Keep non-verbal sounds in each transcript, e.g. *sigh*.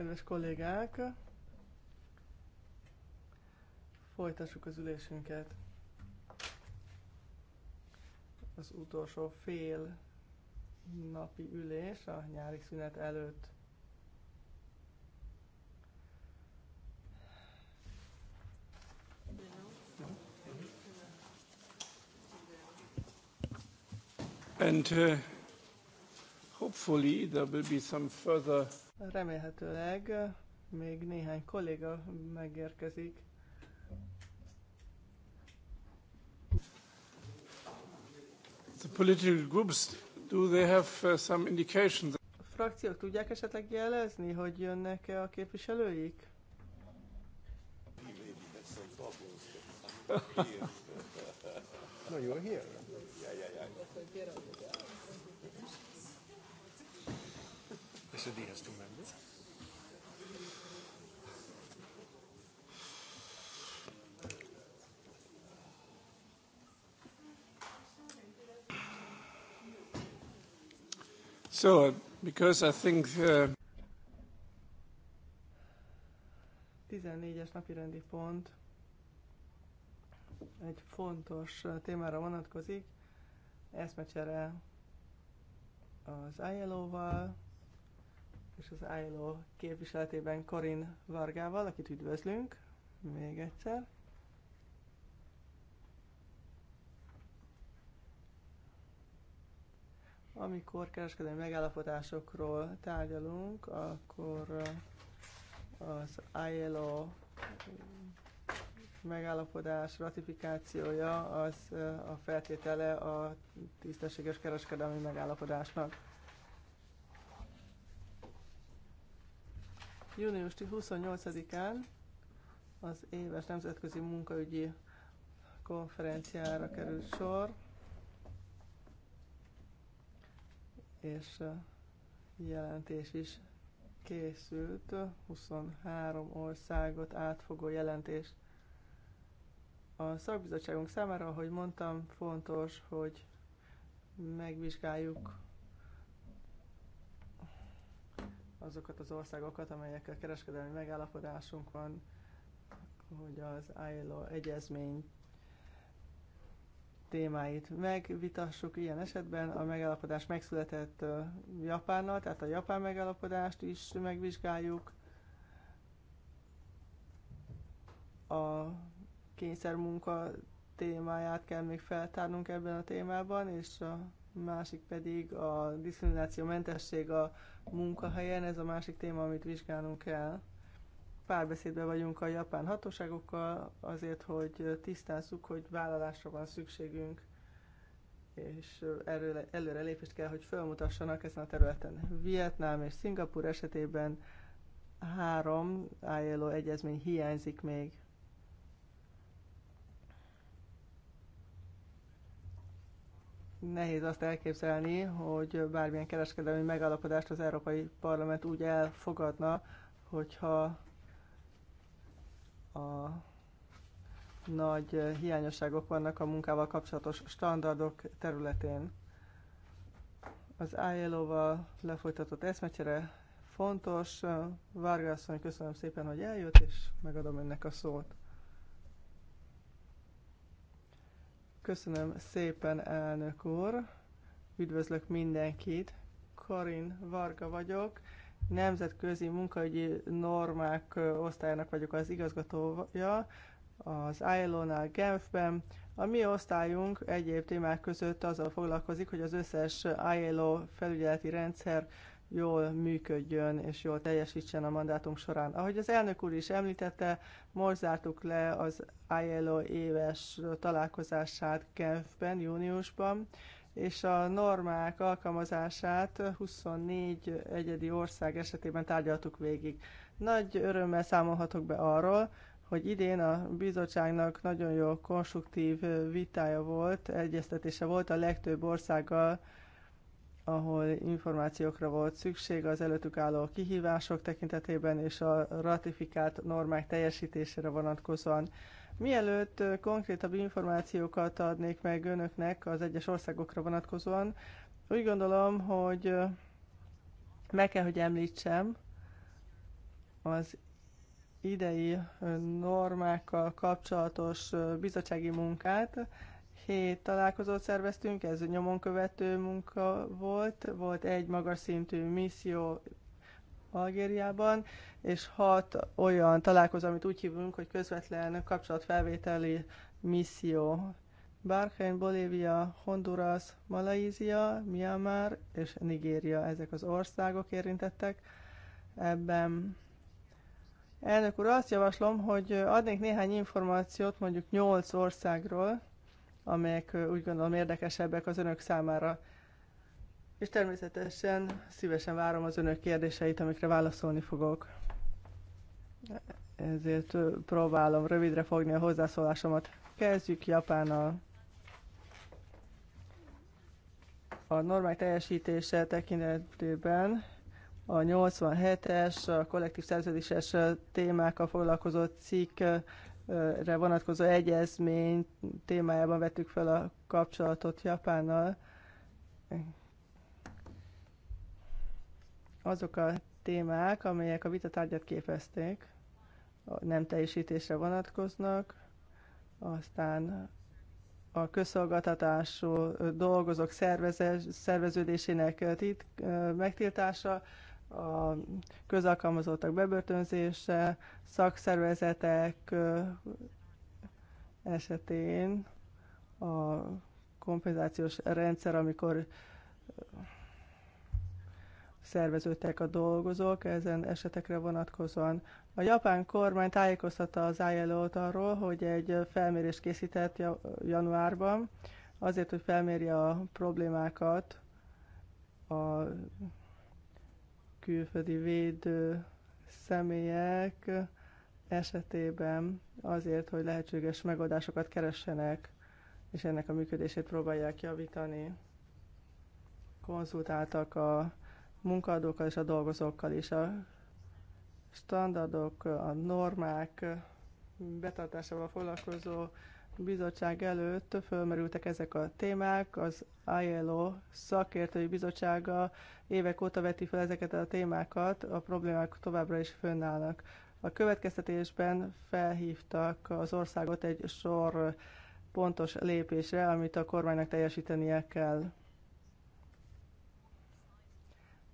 Kedves kollégák, folytassuk az ülésünket. Az utolsó fél napi ülés a nyári szünet előtt. And uh, hopefully there will be some further Remélhetőleg még néhány kolléga megérkezik. The political groups, do they have uh, some indications? A frakciók tudják esetleg jelezni, hogy jönnek-e a képviselőik? *laughs* no, you're here. Yeah, yeah, yeah. said he So, because I think... Uh... 14-es napi rendi pont egy fontos uh, témára vonatkozik, eszmecsere az ILO-val, és az ILO képviseletében Karin Vargával, akit üdvözlünk még egyszer. Amikor kereskedelmi megállapodásokról tárgyalunk, akkor az ILO megállapodás ratifikációja az a feltétele a tisztességes kereskedelmi megállapodásnak Június 28-án az éves nemzetközi munkaügyi konferenciára került sor, és jelentés is készült, 23 országot átfogó jelentés. A szakbizottságunk számára, ahogy mondtam, fontos, hogy megvizsgáljuk azokat az országokat, amelyekkel kereskedelmi megállapodásunk van, hogy az ILO egyezmény témáit megvitassuk. Ilyen esetben a megállapodás megszületett Japánnal, tehát a japán megállapodást is megvizsgáljuk. A kényszermunka témáját kell még feltárnunk ebben a témában, és a másik pedig a diszkrimináció mentesség a munkahelyen, ez a másik téma, amit vizsgálnunk kell. Párbeszédben vagyunk a japán hatóságokkal azért, hogy tisztázzuk, hogy vállalásra van szükségünk, és előre előrelépést kell, hogy felmutassanak ezen a területen. Vietnám és Szingapur esetében három ILO egyezmény hiányzik még. nehéz azt elképzelni, hogy bármilyen kereskedelmi megállapodást az Európai Parlament úgy elfogadna, hogyha a nagy hiányosságok vannak a munkával kapcsolatos standardok területén. Az ILO-val lefolytatott eszmecsere fontos. Várgászony, köszönöm szépen, hogy eljött, és megadom önnek a szót. Köszönöm szépen, elnök úr. Üdvözlök mindenkit. Karin Varga vagyok. Nemzetközi munkaügyi normák osztályának vagyok az igazgatója az ILO-nál Genfben. A mi osztályunk egyéb témák között azzal foglalkozik, hogy az összes ILO felügyeleti rendszer jól működjön és jól teljesítsen a mandátum során. Ahogy az elnök úr is említette, most zártuk le az ILO éves találkozását Genfben, júniusban, és a normák alkalmazását 24 egyedi ország esetében tárgyaltuk végig. Nagy örömmel számolhatok be arról, hogy idén a bizottságnak nagyon jó konstruktív vitája volt, egyeztetése volt a legtöbb országgal, ahol információkra volt szükség az előttük álló kihívások tekintetében és a ratifikált normák teljesítésére vonatkozóan. Mielőtt konkrétabb információkat adnék meg önöknek az egyes országokra vonatkozóan, úgy gondolom, hogy meg kell, hogy említsem az idei normákkal kapcsolatos bizottsági munkát, Hét találkozót szerveztünk, ez nyomon követő munka volt, volt egy magas szintű misszió Algériában, és hat olyan találkozó, amit úgy hívunk, hogy közvetlen kapcsolatfelvételi misszió. Bahrain, Bolívia, Honduras, Malajzia, Myanmar és Nigéria, ezek az országok érintettek ebben. Elnök úr, azt javaslom, hogy adnék néhány információt mondjuk nyolc országról, amelyek úgy gondolom érdekesebbek az önök számára. És természetesen szívesen várom az önök kérdéseit, amikre válaszolni fogok. Ezért próbálom rövidre fogni a hozzászólásomat. Kezdjük Japánnal. A normák teljesítése tekintetében a 87-es, a kollektív szerződéses témákkal foglalkozó cikk re vonatkozó egyezmény témájában vettük fel a kapcsolatot Japánnal. Azok a témák, amelyek a vitatárgyat képezték, a nem teljesítésre vonatkoznak, aztán a közszolgáltatású dolgozók szerveződésének tit, megtiltása, a közalkalmazottak bebörtönzése, szakszervezetek esetén a kompenzációs rendszer, amikor szerveződtek a dolgozók ezen esetekre vonatkozóan. A japán kormány tájékoztatta az ilo arról, hogy egy felmérést készített januárban, azért, hogy felmérje a problémákat a külföldi védő személyek esetében azért, hogy lehetséges megoldásokat keressenek, és ennek a működését próbálják javítani. Konzultáltak a munkadókkal és a dolgozókkal is. A standardok, a normák betartásával foglalkozó bizottság előtt fölmerültek ezek a témák, az ILO szakértői bizottsága évek óta veti fel ezeket a témákat, a problémák továbbra is fönnállnak. A következtetésben felhívtak az országot egy sor pontos lépésre, amit a kormánynak teljesítenie kell.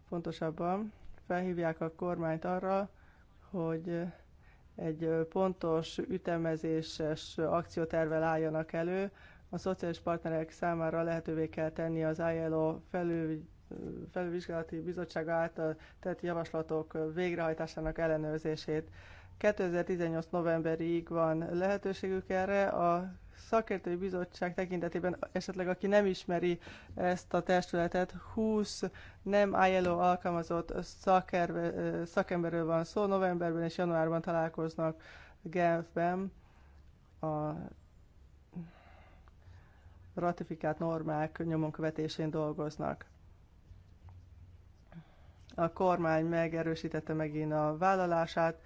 Pontosabban felhívják a kormányt arra, hogy egy pontos, ütemezéses akciótervel álljanak elő. A szociális partnerek számára lehetővé kell tenni az ILO felül, felülvizsgálati bizottsága által tett javaslatok végrehajtásának ellenőrzését. 2018 novemberig van lehetőségük erre. A szakértői bizottság tekintetében esetleg, aki nem ismeri ezt a testületet, 20 nem ILO alkalmazott szakerve, szakemberről van szó. Novemberben és januárban találkoznak Genfben a ratifikált normák nyomon követésén dolgoznak. A kormány megerősítette megint a vállalását,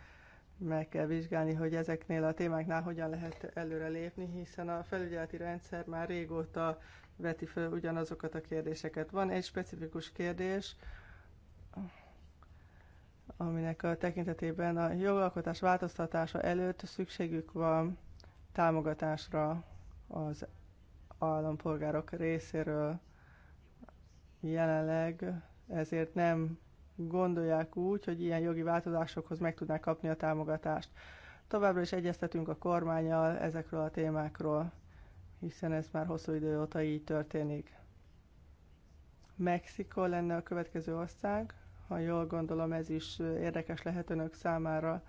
meg kell vizsgálni, hogy ezeknél a témáknál hogyan lehet előre lépni, hiszen a felügyeleti rendszer már régóta veti föl ugyanazokat a kérdéseket. Van egy specifikus kérdés, aminek a tekintetében a jogalkotás változtatása előtt szükségük van támogatásra az állampolgárok részéről. Jelenleg ezért nem gondolják úgy, hogy ilyen jogi változásokhoz meg tudnák kapni a támogatást. Továbbra is egyeztetünk a kormányjal ezekről a témákról, hiszen ez már hosszú idő óta így történik. Mexikó lenne a következő ország, ha jól gondolom ez is érdekes lehet önök számára.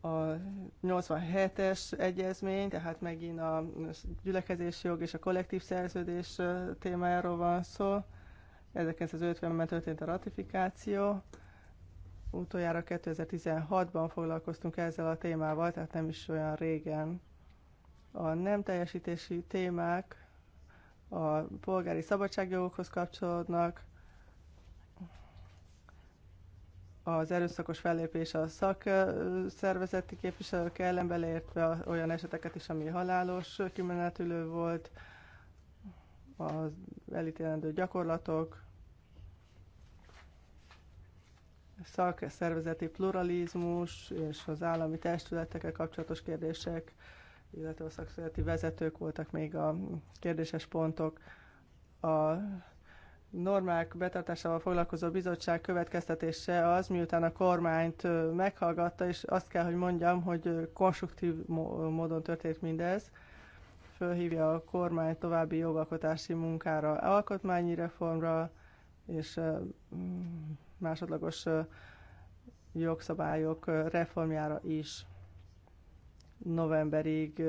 A 87-es egyezmény, tehát megint a gyülekezési jog és a kollektív szerződés témájáról van szó. 1950-ben történt a ratifikáció, utoljára 2016-ban foglalkoztunk ezzel a témával, tehát nem is olyan régen. A nem teljesítési témák a polgári szabadságjogokhoz kapcsolódnak, az erőszakos fellépés a szakszervezeti képviselők ellen, beleértve olyan eseteket is, ami halálos kimenetülő volt, az elítélendő gyakorlatok, szak- szervezeti pluralizmus és az állami testületekkel kapcsolatos kérdések, illetve a szakszervezeti vezetők voltak még a kérdéses pontok. A normák betartásával foglalkozó bizottság következtetése az, miután a kormányt meghallgatta, és azt kell, hogy mondjam, hogy konstruktív módon történt mindez, fölhívja a kormány további jogalkotási munkára, alkotmányi reformra és mm, másodlagos jogszabályok reformjára is. Novemberig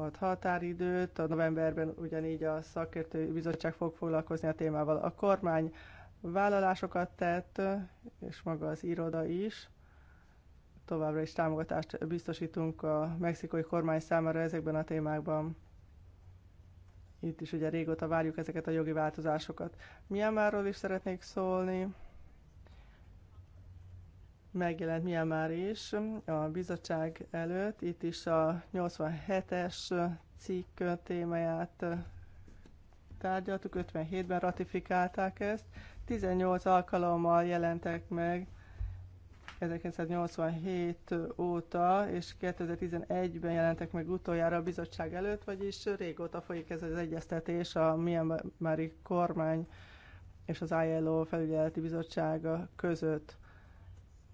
ad határidőt, a novemberben ugyanígy a szakértői bizottság fog foglalkozni a témával. A kormány vállalásokat tett, és maga az iroda is. Továbbra is támogatást biztosítunk a mexikai kormány számára ezekben a témákban. Itt is ugye régóta várjuk ezeket a jogi változásokat. Myanmarról is szeretnék szólni. Megjelent Myanmar is a bizottság előtt. Itt is a 87-es cikk témáját tárgyaltuk, 57-ben ratifikálták ezt. 18 alkalommal jelentek meg 1987 óta és 2011-ben jelentek meg utoljára a bizottság előtt, vagyis régóta folyik ez az egyeztetés a Myanmari kormány és az ILO felügyeleti bizottsága között.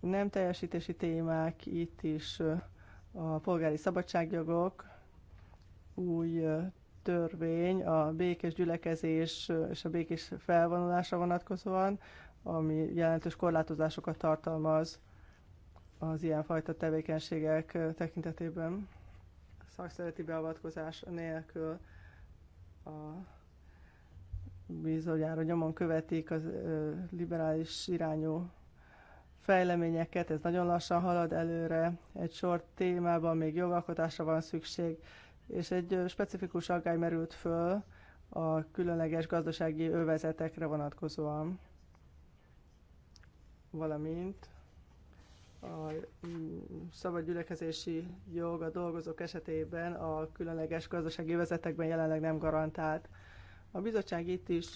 Nem teljesítési témák, itt is a polgári szabadságjogok, új törvény a békés gyülekezés és a békés felvonulásra vonatkozóan, ami jelentős korlátozásokat tartalmaz az ilyenfajta tevékenységek tekintetében szakszereti beavatkozás nélkül a bizonyára nyomon követik az ö, liberális irányú fejleményeket, ez nagyon lassan halad előre, egy sor témában még jogalkotásra van szükség, és egy specifikus aggály merült föl a különleges gazdasági övezetekre vonatkozóan, valamint a szabad gyülekezési jog a dolgozók esetében a különleges gazdasági vezetekben jelenleg nem garantált. A bizottság itt is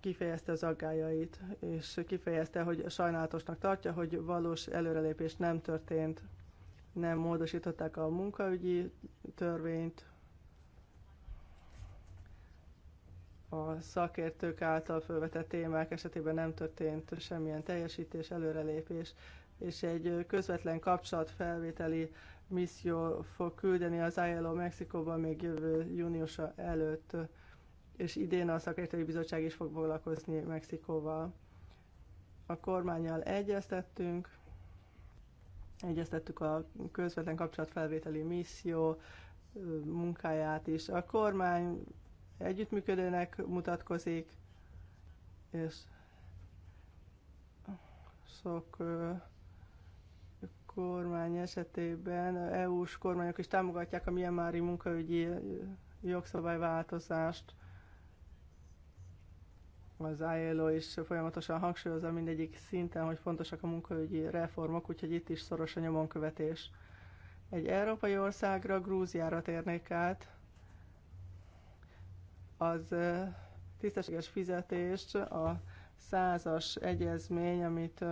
kifejezte az aggájait, és kifejezte, hogy sajnálatosnak tartja, hogy valós előrelépés nem történt, nem módosították a munkaügyi törvényt, a szakértők által felvetett témák esetében nem történt semmilyen teljesítés, előrelépés, és egy közvetlen kapcsolatfelvételi misszió fog küldeni az ILO Mexikóban még jövő júniusa előtt, és idén a szakértői bizottság is fog foglalkozni Mexikóval. A kormányjal egyeztettünk, egyeztettük a közvetlen kapcsolatfelvételi misszió munkáját is. A kormány együttműködőnek mutatkozik, és sok kormány esetében EU-s kormányok is támogatják a Myanmari munkaügyi jogszabályváltozást. Az ILO is folyamatosan hangsúlyozza mindegyik szinten, hogy fontosak a munkaügyi reformok, úgyhogy itt is szoros a nyomonkövetés. Egy európai országra, Grúziára térnék át, az tisztességes fizetést a százas egyezmény, amit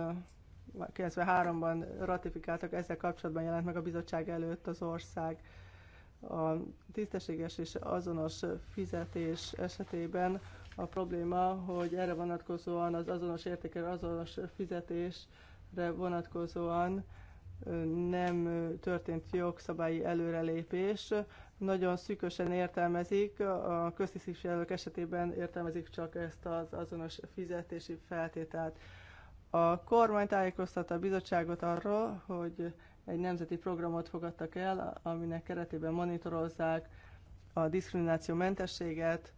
93-ban ratifikáltak, ezzel kapcsolatban jelent meg a bizottság előtt az ország. A tisztességes és azonos fizetés esetében a probléma, hogy erre vonatkozóan az azonos értékre, azonos fizetésre vonatkozóan nem történt jogszabályi előrelépés. Nagyon szűkösen értelmezik, a köztisztviselők esetében értelmezik csak ezt az azonos fizetési feltételt. A kormány tájékoztatta a bizottságot arról, hogy egy nemzeti programot fogadtak el, aminek keretében monitorozzák a diszkrimináció mentességet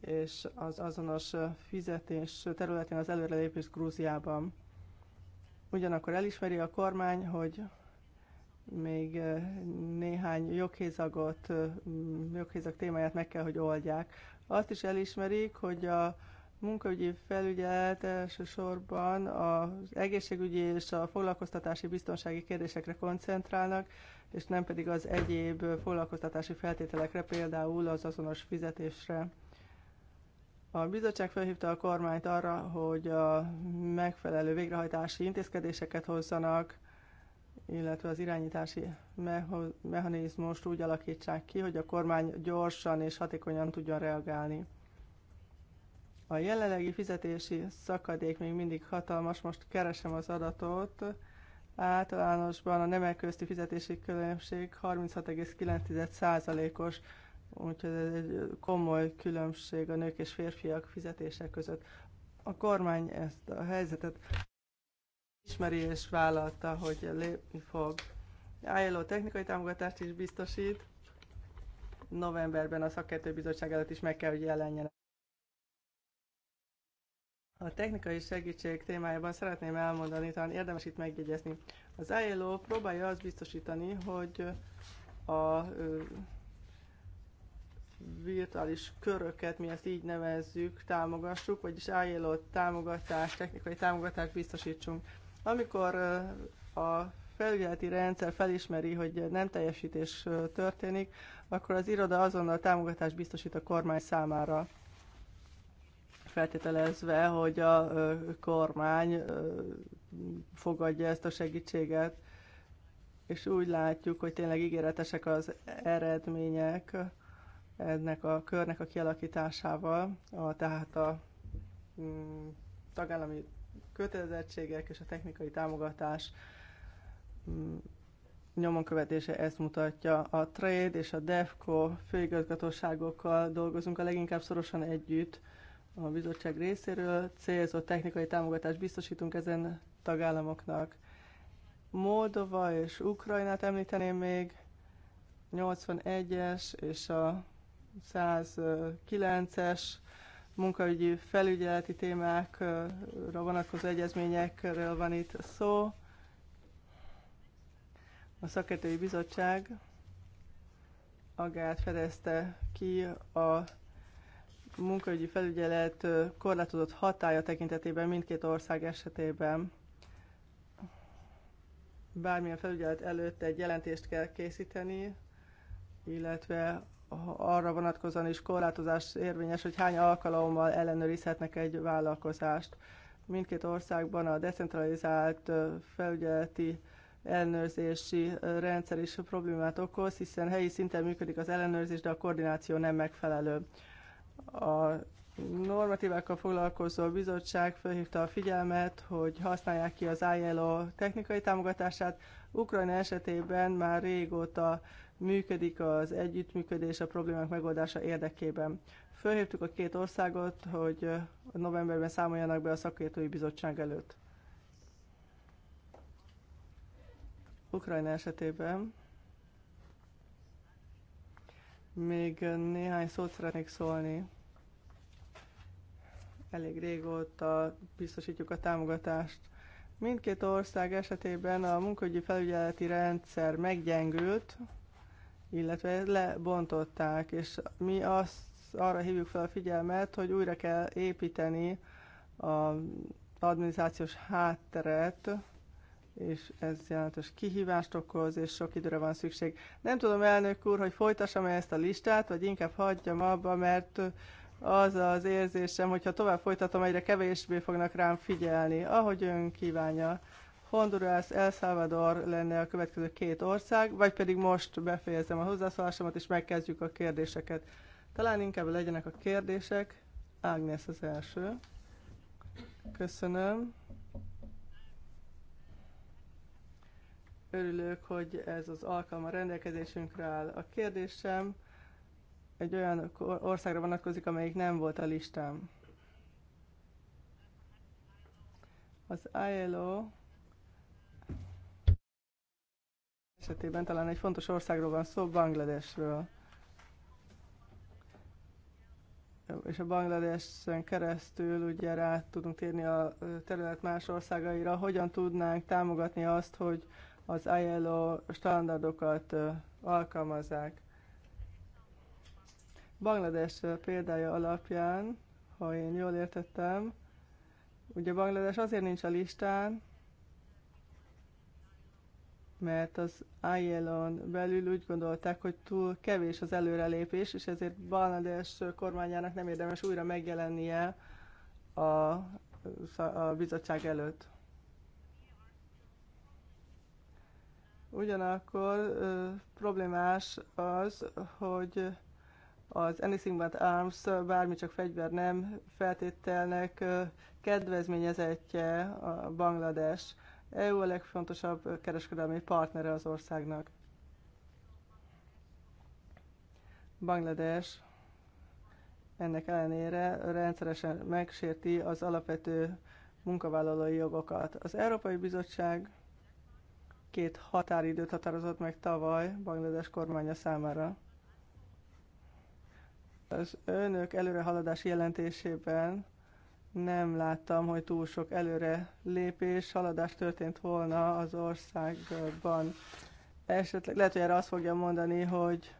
és az azonos fizetés területén az előrelépés Grúziában. Ugyanakkor elismeri a kormány, hogy még eh, néhány joghézagot, eh, joghézag témáját meg kell, hogy oldják. Azt is elismerik, hogy a munkaügyi felügyelet elsősorban az egészségügyi és a foglalkoztatási biztonsági kérdésekre koncentrálnak, és nem pedig az egyéb foglalkoztatási feltételekre, például az azonos fizetésre. A bizottság felhívta a kormányt arra, hogy a megfelelő végrehajtási intézkedéseket hozzanak, illetve az irányítási mechanizmust úgy alakítsák ki, hogy a kormány gyorsan és hatékonyan tudjon reagálni. A jelenlegi fizetési szakadék még mindig hatalmas, most keresem az adatot. Általánosban a nemek közti fizetési különbség 36,9%-os. Úgyhogy ez egy komoly különbség a nők és férfiak fizetése között. A kormány ezt a helyzetet ismeri és vállalta, hogy lépni fog. ILO technikai támogatást is biztosít. Novemberben a szakértőbizottság előtt is meg kell, hogy jelenjen. A technikai segítség témájában szeretném elmondani, talán érdemes itt megjegyezni. Az ILO próbálja azt biztosítani, hogy a virtuális köröket, mi ezt így nevezzük, támogassuk, vagyis ajánlott támogatást, technikai támogatást biztosítsunk. Amikor a felügyeleti rendszer felismeri, hogy nem teljesítés történik, akkor az iroda azonnal támogatást biztosít a kormány számára feltételezve, hogy a kormány fogadja ezt a segítséget, és úgy látjuk, hogy tényleg ígéretesek az eredmények ennek a körnek a kialakításával, a, tehát a mm, tagállami kötelezettségek és a technikai támogatás mm, nyomon követése ezt mutatja. A Trade és a DEFCO főigazgatóságokkal dolgozunk a leginkább szorosan együtt a bizottság részéről. Célzott technikai támogatást biztosítunk ezen tagállamoknak. Moldova és Ukrajnát említeném még, 81-es és a 109-es munkaügyi felügyeleti témákra vonatkozó egyezményekről van itt szó. A szakértői bizottság agát fedezte ki a munkaügyi felügyelet korlátozott hatája tekintetében mindkét ország esetében. Bármilyen felügyelet előtt egy jelentést kell készíteni, illetve arra vonatkozóan is korlátozás érvényes, hogy hány alkalommal ellenőrizhetnek egy vállalkozást. Mindkét országban a decentralizált felügyeleti ellenőrzési rendszer is problémát okoz, hiszen helyi szinten működik az ellenőrzés, de a koordináció nem megfelelő. A normatívákkal foglalkozó bizottság felhívta a figyelmet, hogy használják ki az ILO technikai támogatását. Ukrajna esetében már régóta működik az együttműködés a problémák megoldása érdekében. Fölhívtuk a két országot, hogy novemberben számoljanak be a szakértői bizottság előtt. Ukrajna esetében még néhány szót szeretnék szólni. Elég régóta biztosítjuk a támogatást. Mindkét ország esetében a munkahogyi felügyeleti rendszer meggyengült, illetve lebontották, és mi azt arra hívjuk fel a figyelmet, hogy újra kell építeni az adminisztrációs hátteret, és ez jelentős kihívást okoz, és sok időre van szükség. Nem tudom, elnök úr, hogy folytassam -e ezt a listát, vagy inkább hagyjam abba, mert az az érzésem, hogyha tovább folytatom, egyre kevésbé fognak rám figyelni, ahogy ön kívánja. Honduras, El Salvador lenne a következő két ország, vagy pedig most befejezem a hozzászólásomat, és megkezdjük a kérdéseket. Talán inkább legyenek a kérdések. Ágnes az első. Köszönöm. Örülök, hogy ez az alkalom a rendelkezésünkre áll. A kérdésem egy olyan országra vonatkozik, amelyik nem volt a listám. Az ILO esetében talán egy fontos országról van szó, Bangladesről. És a Bangladesen keresztül ugye rá tudunk térni a terület más országaira. Hogyan tudnánk támogatni azt, hogy az ILO standardokat alkalmazzák? Banglades példája alapján, ha én jól értettem, ugye Banglades azért nincs a listán, mert az Ayelon belül úgy gondolták, hogy túl kevés az előrelépés, és ezért Bangladesh kormányának nem érdemes újra megjelennie a, a bizottság előtt. Ugyanakkor ö, problémás az, hogy az Anything But Arms bármi csak fegyver nem feltételnek ö, kedvezményezetje a Banglades EU a legfontosabb kereskedelmi partnere az országnak. Banglades ennek ellenére rendszeresen megsérti az alapvető munkavállalói jogokat. Az Európai Bizottság két határidőt határozott meg tavaly Banglades kormánya számára. Az önök előrehaladási jelentésében nem láttam, hogy túl sok előre lépés, haladás történt volna az országban. Esetleg lehet, hogy erre azt fogja mondani, hogy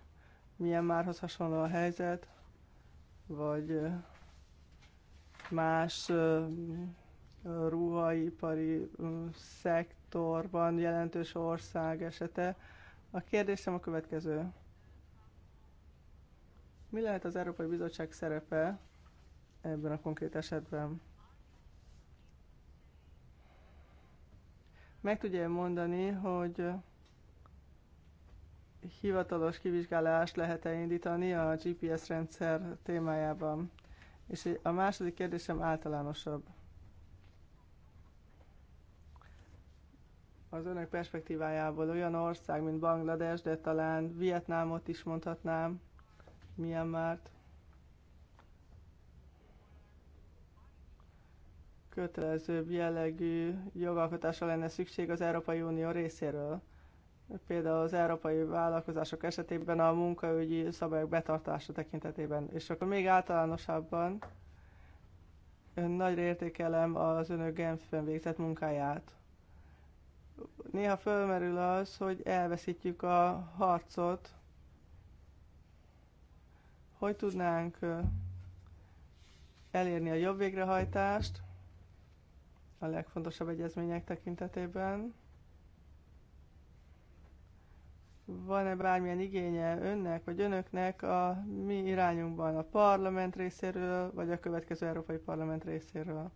milyen márhoz hasonló a helyzet, vagy más ruhaipari szektorban jelentős ország esete. A kérdésem a következő. Mi lehet az Európai Bizottság szerepe ebben a konkrét esetben. Meg tudja mondani, hogy hivatalos kivizsgálást lehet-e indítani a GPS rendszer témájában? És a második kérdésem általánosabb. Az önök perspektívájából olyan ország, mint Banglades, de talán Vietnámot is mondhatnám, Myanmart, kötelezőbb jellegű jogalkotásra lenne szükség az Európai Unió részéről. Például az európai vállalkozások esetében a munkaügyi szabályok betartása tekintetében. És akkor még általánosabban nagyra értékelem az önök Genfben végzett munkáját. Néha fölmerül az, hogy elveszítjük a harcot. Hogy tudnánk elérni a jobb végrehajtást, a legfontosabb egyezmények tekintetében. Van-e bármilyen igénye önnek vagy önöknek a mi irányunkban a parlament részéről, vagy a következő Európai Parlament részéről?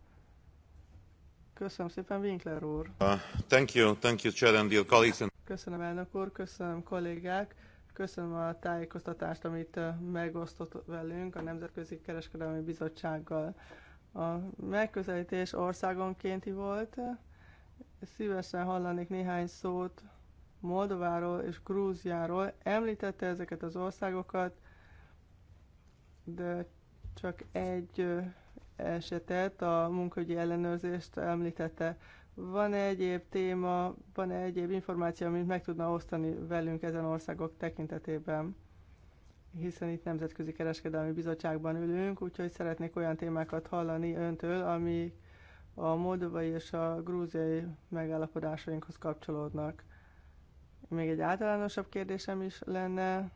Köszönöm szépen, Winkler úr. Uh, thank you, thank you, Chair and dear colleagues. And... Köszönöm, elnök úr, köszönöm, kollégák. Köszönöm a tájékoztatást, amit uh, megosztott velünk a Nemzetközi Kereskedelmi Bizottsággal. A megközelítés országonkénti volt. Szívesen hallanék néhány szót Moldováról és Grúziáról. Említette ezeket az országokat, de csak egy esetet, a munkahogyi ellenőrzést említette. Van -e egyéb téma, van -e egyéb információ, amit meg tudna osztani velünk ezen országok tekintetében? hiszen itt Nemzetközi Kereskedelmi Bizottságban ülünk, úgyhogy szeretnék olyan témákat hallani öntől, ami a moldovai és a grúziai megállapodásainkhoz kapcsolódnak. Még egy általánosabb kérdésem is lenne,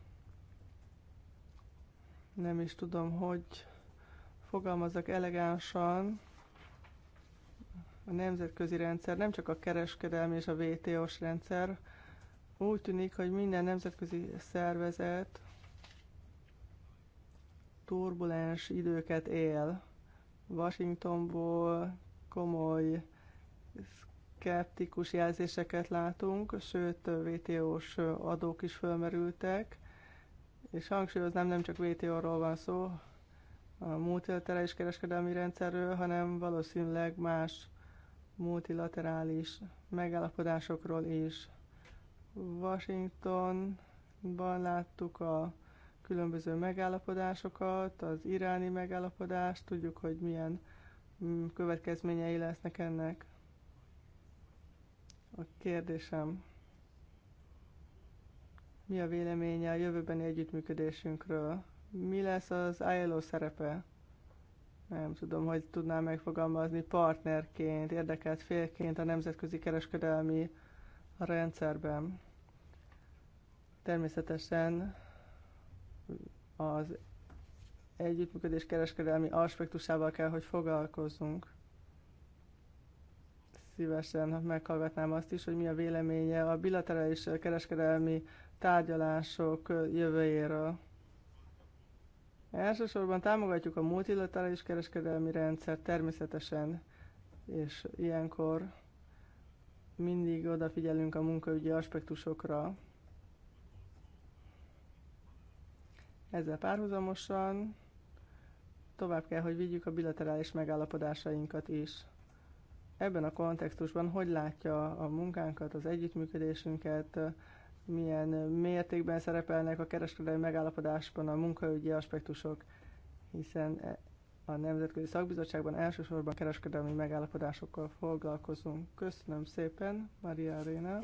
nem is tudom, hogy fogalmazok elegánsan, a nemzetközi rendszer, nem csak a kereskedelmi és a WTO-s rendszer, úgy tűnik, hogy minden nemzetközi szervezet turbulens időket él. Washingtonból komoly szkeptikus jelzéseket látunk, sőt, VTO-s adók is fölmerültek, és hangsúlyoznám, nem csak VTO-ról van szó, a multilaterális kereskedelmi rendszerről, hanem valószínűleg más multilaterális megállapodásokról is. Washingtonban láttuk a különböző megállapodásokat, az iráni megállapodást, tudjuk, hogy milyen mm, következményei lesznek ennek. A kérdésem, mi a véleménye a jövőbeni együttműködésünkről? Mi lesz az ILO szerepe? Nem tudom, hogy tudnám megfogalmazni partnerként, érdekelt félként a nemzetközi kereskedelmi rendszerben. Természetesen az együttműködés kereskedelmi aspektusával kell, hogy foglalkozzunk. Szívesen meghallgatnám azt is, hogy mi a véleménye a bilaterális kereskedelmi tárgyalások jövőjéről. Elsősorban támogatjuk a multilaterális kereskedelmi rendszer természetesen, és ilyenkor mindig odafigyelünk a munkaügyi aspektusokra, Ezzel párhuzamosan tovább kell, hogy vigyük a bilaterális megállapodásainkat is. Ebben a kontextusban hogy látja a munkánkat, az együttműködésünket, milyen mértékben szerepelnek a kereskedelmi megállapodásban a munkaügyi aspektusok, hiszen e- a Nemzetközi Szakbizottságban elsősorban kereskedelmi megállapodásokkal foglalkozunk. Köszönöm szépen, Maria Arena.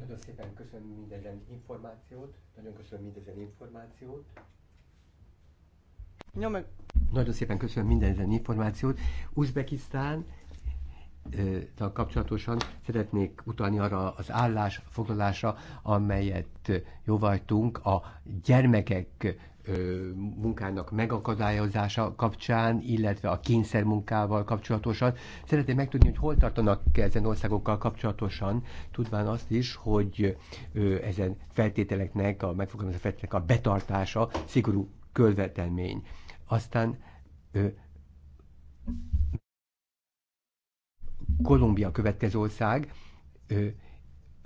Nagyon szépen köszönöm minden információt, nagyon köszönöm minden információt. Nyom meg... Nagyon szépen köszönöm minden információt. Uzbekisztán kapcsolatosan szeretnék utalni arra az állásfoglalásra, amelyet jóvajtunk a gyermekek munkának megakadályozása kapcsán, illetve a munkával kapcsolatosan. Szeretném megtudni, hogy hol tartanak ezen országokkal kapcsolatosan, tudván azt is, hogy ezen feltételeknek, a megfogalmazott feltételeknek a betartása szigorú követelmény. Aztán Kolumbia következő ország,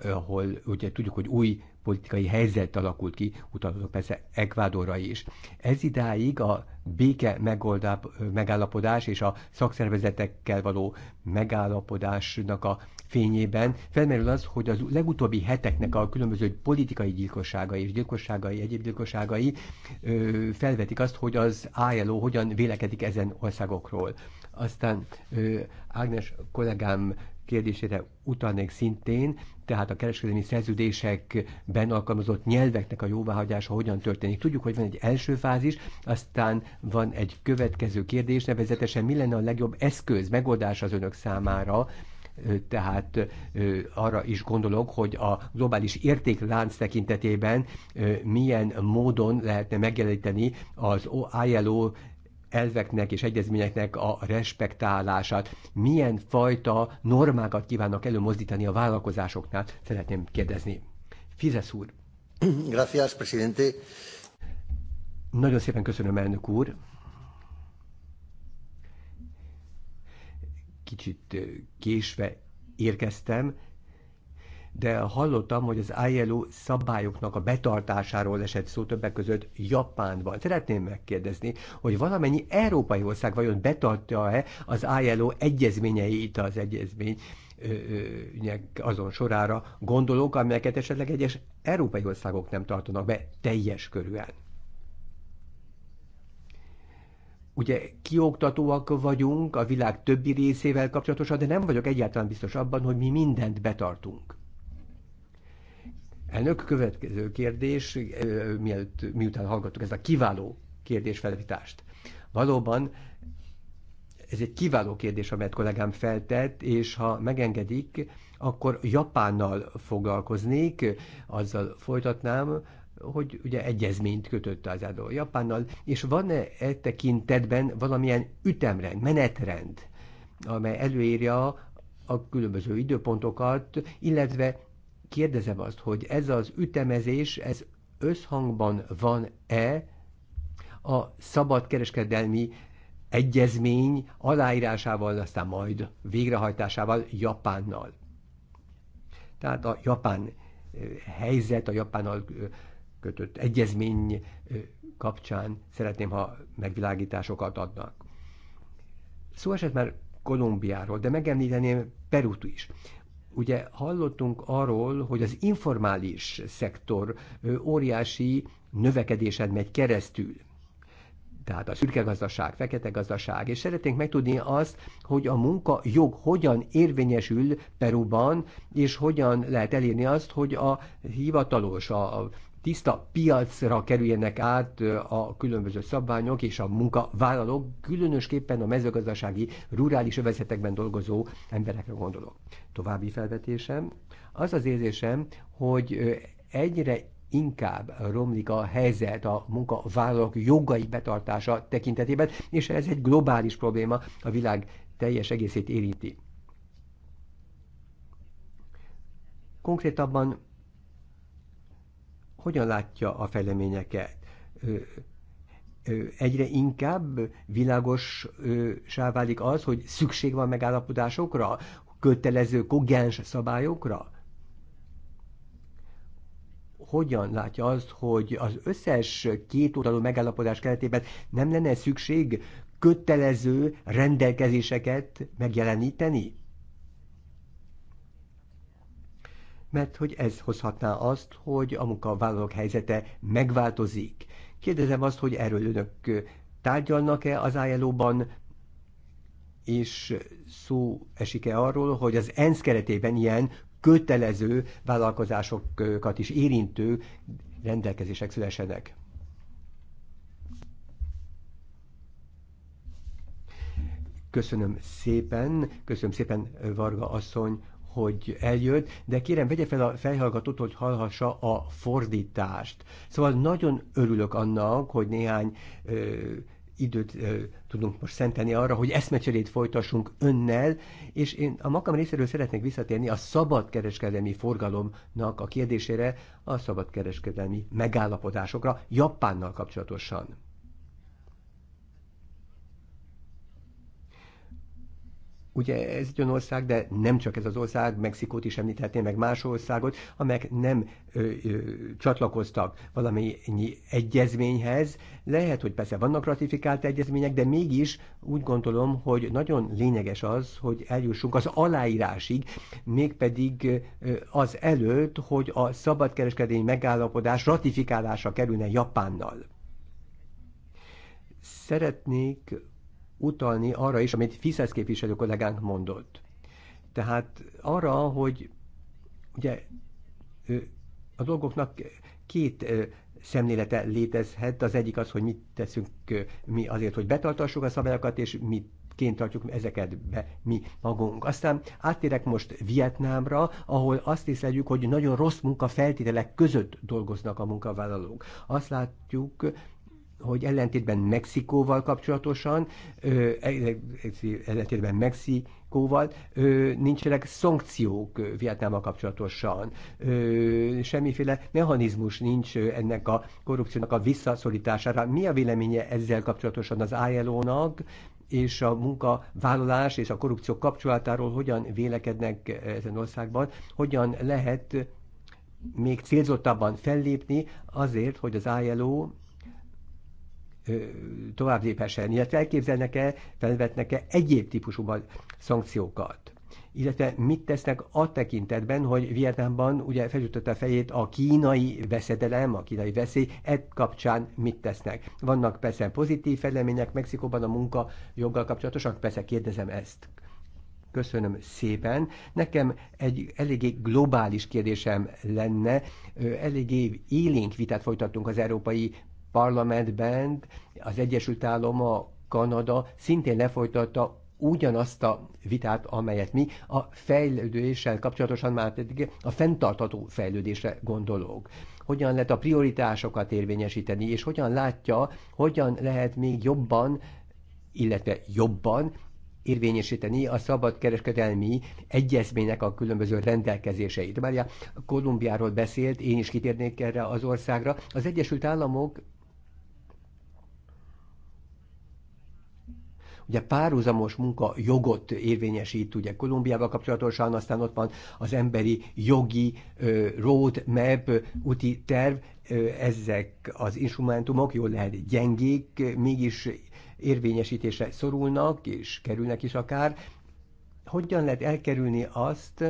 ahol ugye tudjuk, hogy új politikai helyzet alakult ki, utalok persze Ekvádorra is. Ez idáig a béke megoldá, megállapodás és a szakszervezetekkel való megállapodásnak a fényében felmerül az, hogy az legutóbbi heteknek a különböző politikai gyilkosságai és gyilkosságai, egyéb gyilkosságai ö, felvetik azt, hogy az ILO hogyan vélekedik ezen országokról. Aztán Ágnes kollégám kérdésére utalnék szintén, tehát a kereskedelmi szerződésekben alkalmazott nyelveknek a jóváhagyása hogyan történik. Tudjuk, hogy van egy első fázis, aztán van egy következő kérdés, nevezetesen mi lenne a legjobb eszköz, megoldás az önök számára, tehát arra is gondolok, hogy a globális értéklánc tekintetében milyen módon lehetne megjeleníteni az ILO elveknek és egyezményeknek a respektálását, milyen fajta normákat kívánnak előmozdítani a vállalkozásoknál, szeretném kérdezni. Fizesz úr. Gracias, presidente. Nagyon szépen köszönöm, elnök úr. Kicsit eh, késve érkeztem, de hallottam, hogy az ILO szabályoknak a betartásáról esett szó többek között Japánban. Szeretném megkérdezni, hogy valamennyi európai ország vajon betartja-e az ILO egyezményeit az egyezmény azon sorára gondolok, amelyeket esetleg egyes európai országok nem tartanak be teljes körűen. Ugye kioktatóak vagyunk a világ többi részével kapcsolatosan, de nem vagyok egyáltalán biztos abban, hogy mi mindent betartunk. Elnök, következő kérdés, mielőtt, miután hallgattuk ezt a kiváló kérdésfelvitást. Valóban ez egy kiváló kérdés, amelyet kollégám feltett, és ha megengedik, akkor Japánnal foglalkoznék, azzal folytatnám, hogy ugye egyezményt kötött az Ádó Japánnal, és van-e e tekintetben valamilyen ütemrend, menetrend, amely előírja a különböző időpontokat, illetve kérdezem azt, hogy ez az ütemezés, ez összhangban van-e a szabadkereskedelmi egyezmény aláírásával, aztán majd végrehajtásával Japánnal. Tehát a japán eh, helyzet, a japánnal eh, kötött egyezmény eh, kapcsán szeretném, ha megvilágításokat adnak. Szó esett már Kolumbiáról, de megemlíteném Perut is. Ugye hallottunk arról, hogy az informális szektor óriási növekedésen megy keresztül tehát a szürke gazdaság, fekete gazdaság, és szeretnénk megtudni azt, hogy a munka jog hogyan érvényesül Peruban, és hogyan lehet elérni azt, hogy a hivatalos, a, a tiszta piacra kerüljenek át a különböző szabványok, és a munkavállalók, különösképpen a mezőgazdasági, rurális övezetekben dolgozó emberekre gondolok. További felvetésem, az az érzésem, hogy egyre inkább romlik a helyzet a munkavállalók jogai betartása tekintetében, és ez egy globális probléma, a világ teljes egészét érinti. Konkrétabban hogyan látja a fejleményeket. Egyre inkább világossá válik az, hogy szükség van megállapodásokra, kötelező kogens szabályokra. Hogyan látja azt, hogy az összes kétoldalú megállapodás keretében nem lenne szükség kötelező rendelkezéseket megjeleníteni? mert hogy ez hozhatná azt, hogy a munkavállalók helyzete megváltozik. Kérdezem azt, hogy erről önök tárgyalnak-e az ilo és szó esik-e arról, hogy az ENSZ keretében ilyen kötelező vállalkozásokat is érintő rendelkezések szülesenek. Köszönöm szépen, köszönöm szépen Varga asszony hogy eljött, de kérem, vegye fel a fejhallgatót, hogy hallhassa a fordítást. Szóval nagyon örülök annak, hogy néhány ö, időt ö, tudunk most szentelni arra, hogy eszmecserét folytassunk önnel, és én a magam részéről szeretnék visszatérni a szabadkereskedelmi forgalomnak a kérdésére, a szabadkereskedelmi megállapodásokra Japánnal kapcsolatosan. Ugye ez egy olyan ország, de nem csak ez az ország, Mexikót is említhetné, meg más országot, amelyek nem ö, ö, csatlakoztak valamennyi egyezményhez. Lehet, hogy persze vannak ratifikált egyezmények, de mégis úgy gondolom, hogy nagyon lényeges az, hogy eljussunk az aláírásig, mégpedig az előtt, hogy a szabadkereskedelmi megállapodás ratifikálása kerülne Japánnal. Szeretnék utalni arra is, amit Fiszesz képviselő kollégánk mondott. Tehát arra, hogy ugye a dolgoknak két szemlélete létezhet. Az egyik az, hogy mit teszünk mi azért, hogy betartassuk a szabályokat, és mit ként tartjuk ezeket be mi magunk. Aztán áttérek most Vietnámra, ahol azt észleljük, hogy nagyon rossz munkafeltételek között dolgoznak a munkavállalók. Azt látjuk, hogy ellentétben Mexikóval kapcsolatosan, e, e, ellentétben Mexikóval nincsenek szankciók Vietnámmal kapcsolatosan. Semmiféle mechanizmus nincs ennek a korrupciónak a visszaszorítására. Mi a véleménye ezzel kapcsolatosan az ILO-nak, és a munkavállalás és a korrupció kapcsolatáról hogyan vélekednek ezen országban, hogyan lehet még célzottabban fellépni azért, hogy az ILO továbbléphessen, illetve elképzelnek-e, felvetnek-e egyéb típusú szankciókat illetve mit tesznek a tekintetben, hogy Vietnámban ugye felütötte a fejét a kínai veszedelem, a kínai veszély, e kapcsán mit tesznek. Vannak persze pozitív fejlemények Mexikóban a munka joggal kapcsolatosak, persze kérdezem ezt. Köszönöm szépen. Nekem egy eléggé globális kérdésem lenne. Eléggé élénk vitát folytattunk az Európai parlamentben az Egyesült Állama, Kanada szintén lefolytatta ugyanazt a vitát, amelyet mi a fejlődéssel kapcsolatosan már pedig a fenntartató fejlődésre gondolók. Hogyan lehet a prioritásokat érvényesíteni, és hogyan látja, hogyan lehet még jobban, illetve jobban érvényesíteni a szabadkereskedelmi egyezménynek a különböző rendelkezéseit. Mária Kolumbiáról beszélt, én is kitérnék erre az országra. Az Egyesült Államok Ugye párhuzamos munka jogot érvényesít ugye Kolumbiával kapcsolatosan, aztán ott van az emberi jogi road map úti terv, ezek az instrumentumok jól lehet gyengék, mégis érvényesítésre szorulnak, és kerülnek is akár. Hogyan lehet elkerülni azt,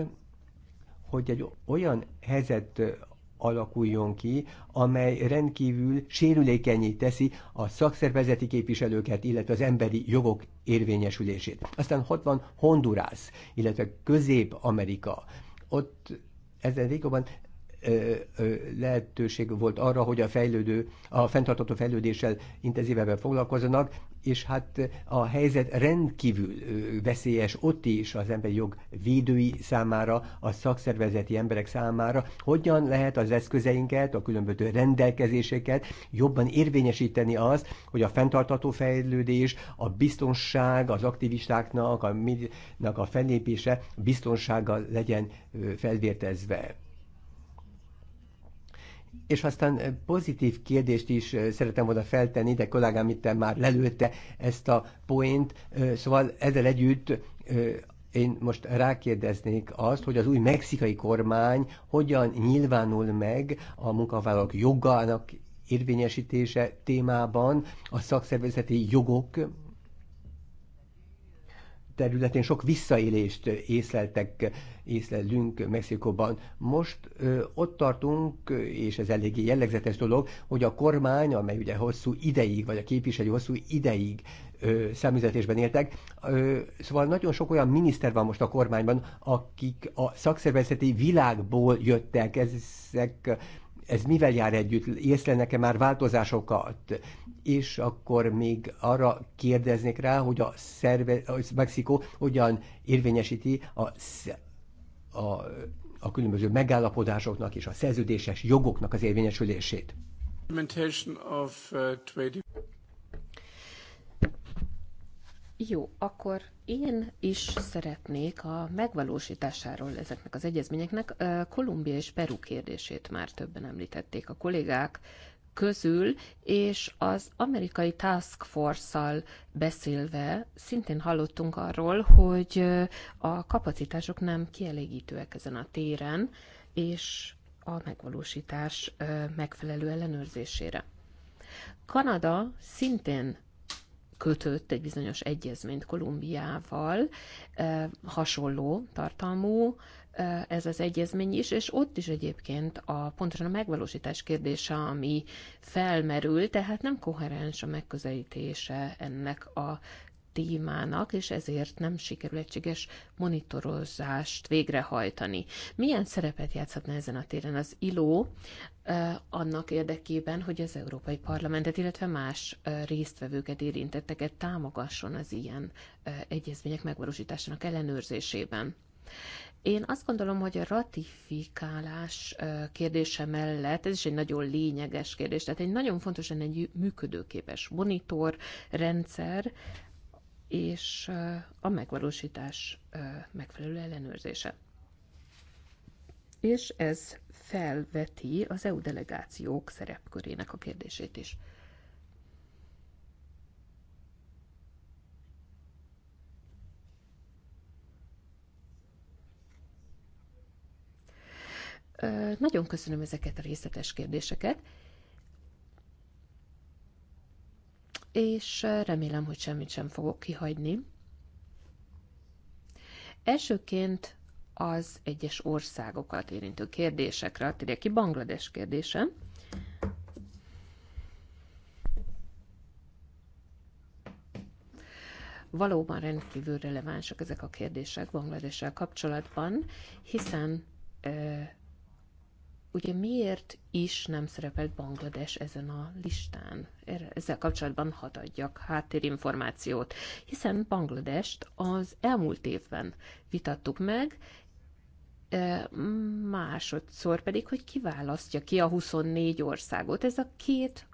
hogy egy olyan helyzet alakuljon ki, amely rendkívül sérülékenyé teszi a szakszervezeti képviselőket, illetve az emberi jogok érvényesülését. Aztán ott van Hondurász, illetve Közép-Amerika. Ott ezen régóban lehetőség volt arra, hogy a fejlődő, a fenntartató fejlődéssel intenzívebben foglalkozzanak, és hát a helyzet rendkívül veszélyes ott is az emberi jog védői számára, a szakszervezeti emberek számára, hogyan lehet az eszközeinket, a különböző rendelkezéseket jobban érvényesíteni az, hogy a fenntartató fejlődés, a biztonság, az aktivistáknak a, a fellépése biztonsággal legyen felvértezve és aztán pozitív kérdést is szeretem volna feltenni, de kollégám itt már lelőtte ezt a point. szóval ezzel együtt én most rákérdeznék azt, hogy az új mexikai kormány hogyan nyilvánul meg a munkavállalók jogának érvényesítése témában a szakszervezeti jogok területén sok visszaélést észleltek, észlelünk Mexikóban. Most ö, ott tartunk, és ez eléggé jellegzetes dolog, hogy a kormány, amely ugye hosszú ideig, vagy a képviselő hosszú ideig ö, számüzetésben éltek, ö, szóval nagyon sok olyan miniszter van most a kormányban, akik a szakszervezeti világból jöttek, ezek ez mivel jár együtt, észlelnek-e már változásokat? És akkor még arra kérdeznék rá, hogy a, szerve, a Mexikó hogyan érvényesíti a, a, a különböző megállapodásoknak és a szerződéses jogoknak az érvényesülését. Jó, akkor én is szeretnék a megvalósításáról ezeknek az egyezményeknek. Kolumbia és Peru kérdését már többen említették a kollégák közül, és az amerikai Task Force-szal beszélve szintén hallottunk arról, hogy a kapacitások nem kielégítőek ezen a téren, és a megvalósítás megfelelő ellenőrzésére. Kanada szintén kötött egy bizonyos egyezményt Kolumbiával, hasonló tartalmú ez az egyezmény is, és ott is egyébként a pontosan a megvalósítás kérdése, ami felmerül, tehát nem koherens a megközelítése ennek a témának, és ezért nem sikerül egységes monitorozást végrehajtani. Milyen szerepet játszhatna ezen a téren az ILO eh, annak érdekében, hogy az Európai Parlamentet, illetve más eh, résztvevőket, érintetteket támogasson az ilyen eh, egyezmények megvalósításának ellenőrzésében? Én azt gondolom, hogy a ratifikálás kérdése mellett, ez is egy nagyon lényeges kérdés, tehát egy nagyon fontos lenne egy működőképes monitor rendszer, és a megvalósítás megfelelő ellenőrzése. És ez felveti az EU delegációk szerepkörének a kérdését is. Nagyon köszönöm ezeket a részletes kérdéseket, és remélem, hogy semmit sem fogok kihagyni. Elsőként az egyes országokat érintő kérdésekre térjek ki, Banglades kérdése. Valóban rendkívül relevánsak ezek a kérdések Bangladessel kapcsolatban, hiszen ugye miért is nem szerepelt Banglades ezen a listán? Ezzel kapcsolatban hadd adjak háttérinformációt, hiszen Bangladest az elmúlt évben vitattuk meg, másodszor pedig, hogy kiválasztja ki a 24 országot. Ez a két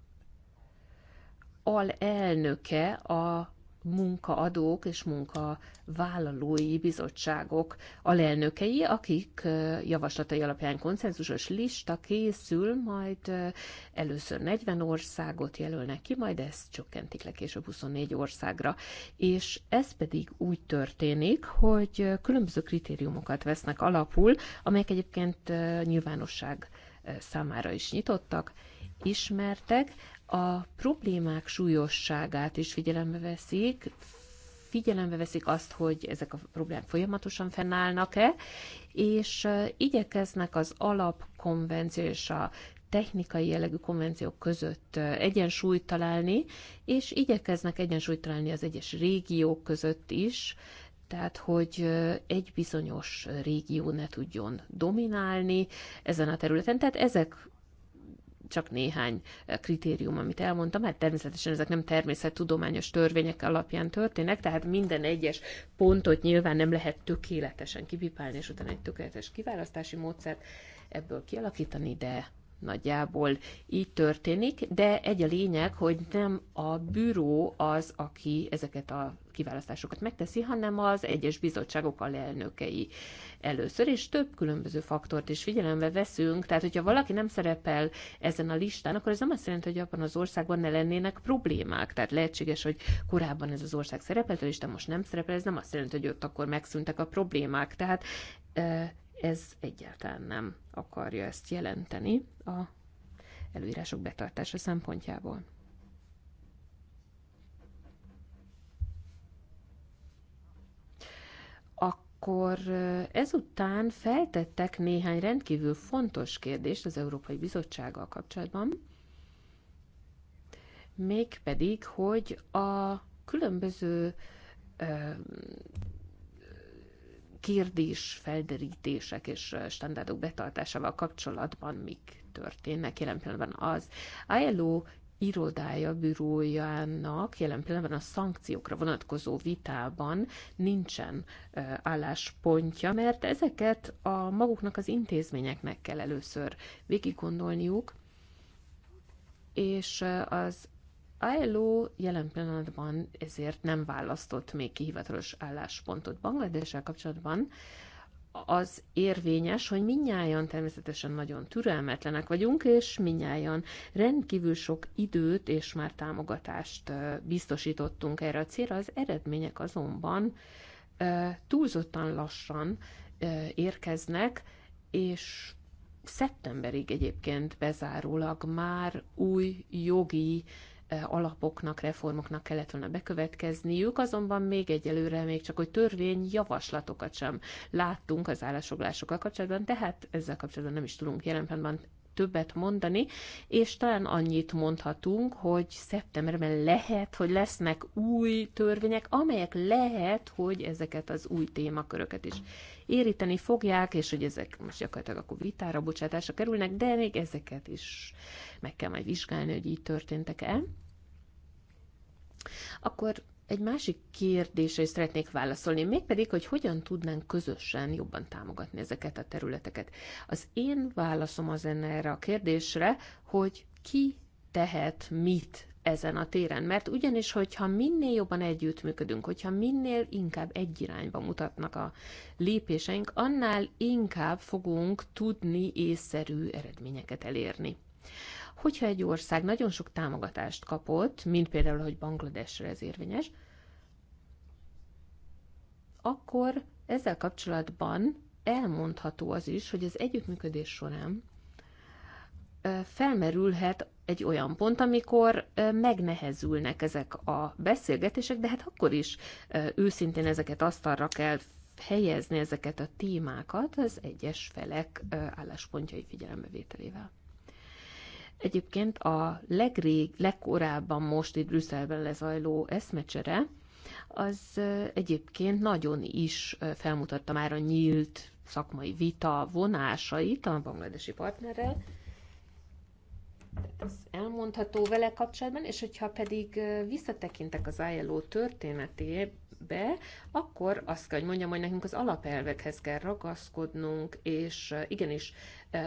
alelnöke a munkaadók és munkavállalói bizottságok alelnökei, akik javaslatai alapján konszenzusos lista készül, majd először 40 országot jelölnek ki, majd ezt csökkentik le később 24 országra. És ez pedig úgy történik, hogy különböző kritériumokat vesznek alapul, amelyek egyébként nyilvánosság számára is nyitottak, ismertek, a problémák súlyosságát is figyelembe veszik, figyelembe veszik azt, hogy ezek a problémák folyamatosan fennállnak-e, és igyekeznek az alapkonvenció és a technikai jellegű konvenciók között egyensúlyt találni, és igyekeznek egyensúlyt találni az egyes régiók között is, tehát hogy egy bizonyos régió ne tudjon dominálni ezen a területen. Tehát ezek csak néhány eh, kritérium, amit elmondtam, hát természetesen ezek nem természettudományos törvények alapján történnek, tehát minden egyes pontot nyilván nem lehet tökéletesen kipipálni, és utána egy tökéletes kiválasztási módszert ebből kialakítani, de Nagyjából így történik, de egy a lényeg, hogy nem a büró az, aki ezeket a kiválasztásokat megteszi, hanem az egyes bizottságok alelnökei először, és több különböző faktort is figyelembe veszünk. Tehát, hogyha valaki nem szerepel ezen a listán, akkor ez nem azt jelenti, hogy abban az országban ne lennének problémák. Tehát lehetséges, hogy korábban ez az ország szerepelt a lista, most nem szerepel, ez nem azt jelenti, hogy ott akkor megszűntek a problémák. Tehát ez egyáltalán nem akarja ezt jelenteni a előírások betartása szempontjából. akkor ezután feltettek néhány rendkívül fontos kérdést az Európai Bizottsággal kapcsolatban, mégpedig, hogy a különböző kérdés, felderítések és standardok betartásával kapcsolatban mik történnek jelen pillanatban az ILO irodája, bürójának jelen pillanatban a szankciókra vonatkozó vitában nincsen álláspontja, mert ezeket a maguknak az intézményeknek kell először végig gondolniuk, és az ILO jelen pillanatban ezért nem választott még kihivatalos álláspontot Bangladessel kapcsolatban, az érvényes, hogy minnyáján természetesen nagyon türelmetlenek vagyunk, és minnyáján rendkívül sok időt és már támogatást biztosítottunk erre a célra. Az eredmények azonban túlzottan lassan érkeznek, és szeptemberig egyébként bezárólag már új jogi alapoknak, reformoknak kellett volna bekövetkezniük, azonban még egyelőre még csak, hogy törvény javaslatokat sem láttunk az állásfoglalásokkal kapcsolatban, tehát ezzel kapcsolatban nem is tudunk jelen pillanatban többet mondani, és talán annyit mondhatunk, hogy szeptemberben lehet, hogy lesznek új törvények, amelyek lehet, hogy ezeket az új témaköröket is éríteni fogják, és hogy ezek most gyakorlatilag akkor vitára, bocsátásra kerülnek, de még ezeket is meg kell majd vizsgálni, hogy így történtek-e. Akkor egy másik kérdésre is szeretnék válaszolni, mégpedig, hogy hogyan tudnánk közösen jobban támogatni ezeket a területeket. Az én válaszom az enne erre a kérdésre, hogy ki tehet mit ezen a téren. Mert ugyanis, hogyha minél jobban együttműködünk, hogyha minél inkább egy irányba mutatnak a lépéseink, annál inkább fogunk tudni észszerű eredményeket elérni. Hogyha egy ország nagyon sok támogatást kapott, mint például, hogy Bangladesre ez érvényes, akkor ezzel kapcsolatban elmondható az is, hogy az együttműködés során felmerülhet egy olyan pont, amikor megnehezülnek ezek a beszélgetések, de hát akkor is őszintén ezeket asztalra kell helyezni ezeket a témákat az egyes felek álláspontjai figyelembevételével. Egyébként a legrég, legkorábban most itt Brüsszelben lezajló eszmecsere, az egyébként nagyon is felmutatta már a nyílt szakmai vita vonásait a bangladesi partnerrel. Tehát ez elmondható vele kapcsolatban, és hogyha pedig visszatekintek az ILO történetébe, akkor azt kell, hogy mondjam, hogy nekünk az alapelvekhez kell ragaszkodnunk, és igenis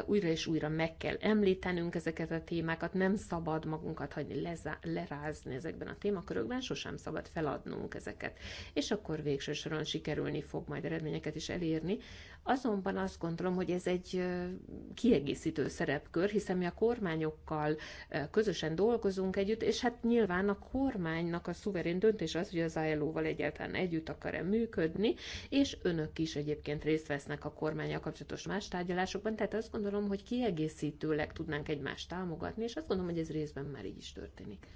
újra és újra meg kell említenünk ezeket a témákat, nem szabad magunkat hagyni lezá- lerázni ezekben a témakörökben, sosem szabad feladnunk ezeket. És akkor végső soron sikerülni fog majd eredményeket is elérni. Azonban azt gondolom, hogy ez egy kiegészítő szerepkör, hiszen mi a kormányokkal közösen dolgozunk együtt, és hát nyilván a kormánynak a szuverén döntés az, hogy az ILO-val egyáltalán együtt akar-e működni, és önök is egyébként részt vesznek a kormányjal kapcsolatos más tárgyalásokban, tehát azt gondolom, hogy kiegészítőleg tudnánk egymást támogatni, és azt gondolom, hogy ez részben már így is történik.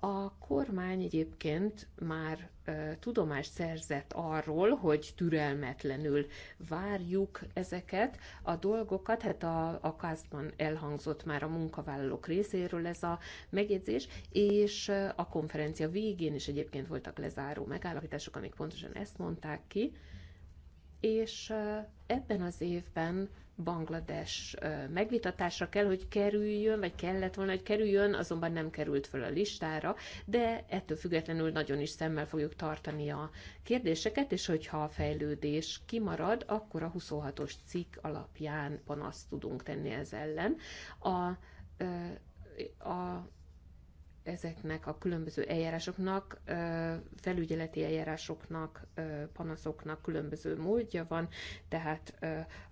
A kormány egyébként már e, tudomást szerzett arról, hogy türelmetlenül várjuk ezeket a dolgokat. Hát a, a KASZ-ban elhangzott már a munkavállalók részéről ez a megjegyzés, és a konferencia végén is egyébként voltak lezáró megállapítások, amik pontosan ezt mondták ki. És ebben az évben Banglades megvitatásra kell, hogy kerüljön, vagy kellett volna, hogy kerüljön, azonban nem került föl a listára, de ettől függetlenül nagyon is szemmel fogjuk tartani a kérdéseket, és hogyha a fejlődés kimarad, akkor a 26-os cikk alapján panaszt tudunk tenni ez ellen. A, a ezeknek a különböző eljárásoknak, felügyeleti eljárásoknak, panaszoknak különböző módja van, tehát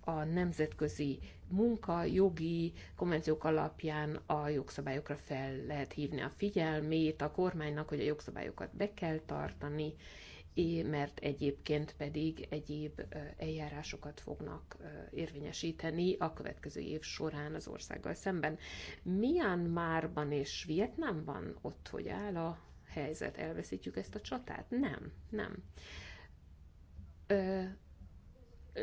a nemzetközi munka, jogi konvenciók alapján a jogszabályokra fel lehet hívni a figyelmét a kormánynak, hogy a jogszabályokat be kell tartani, mert egyébként pedig egyéb eljárásokat fognak érvényesíteni a következő év során az országgal szemben. Myanmarban és Vietnámban ott hogy áll a helyzet? Elveszítjük ezt a csatát? Nem, nem.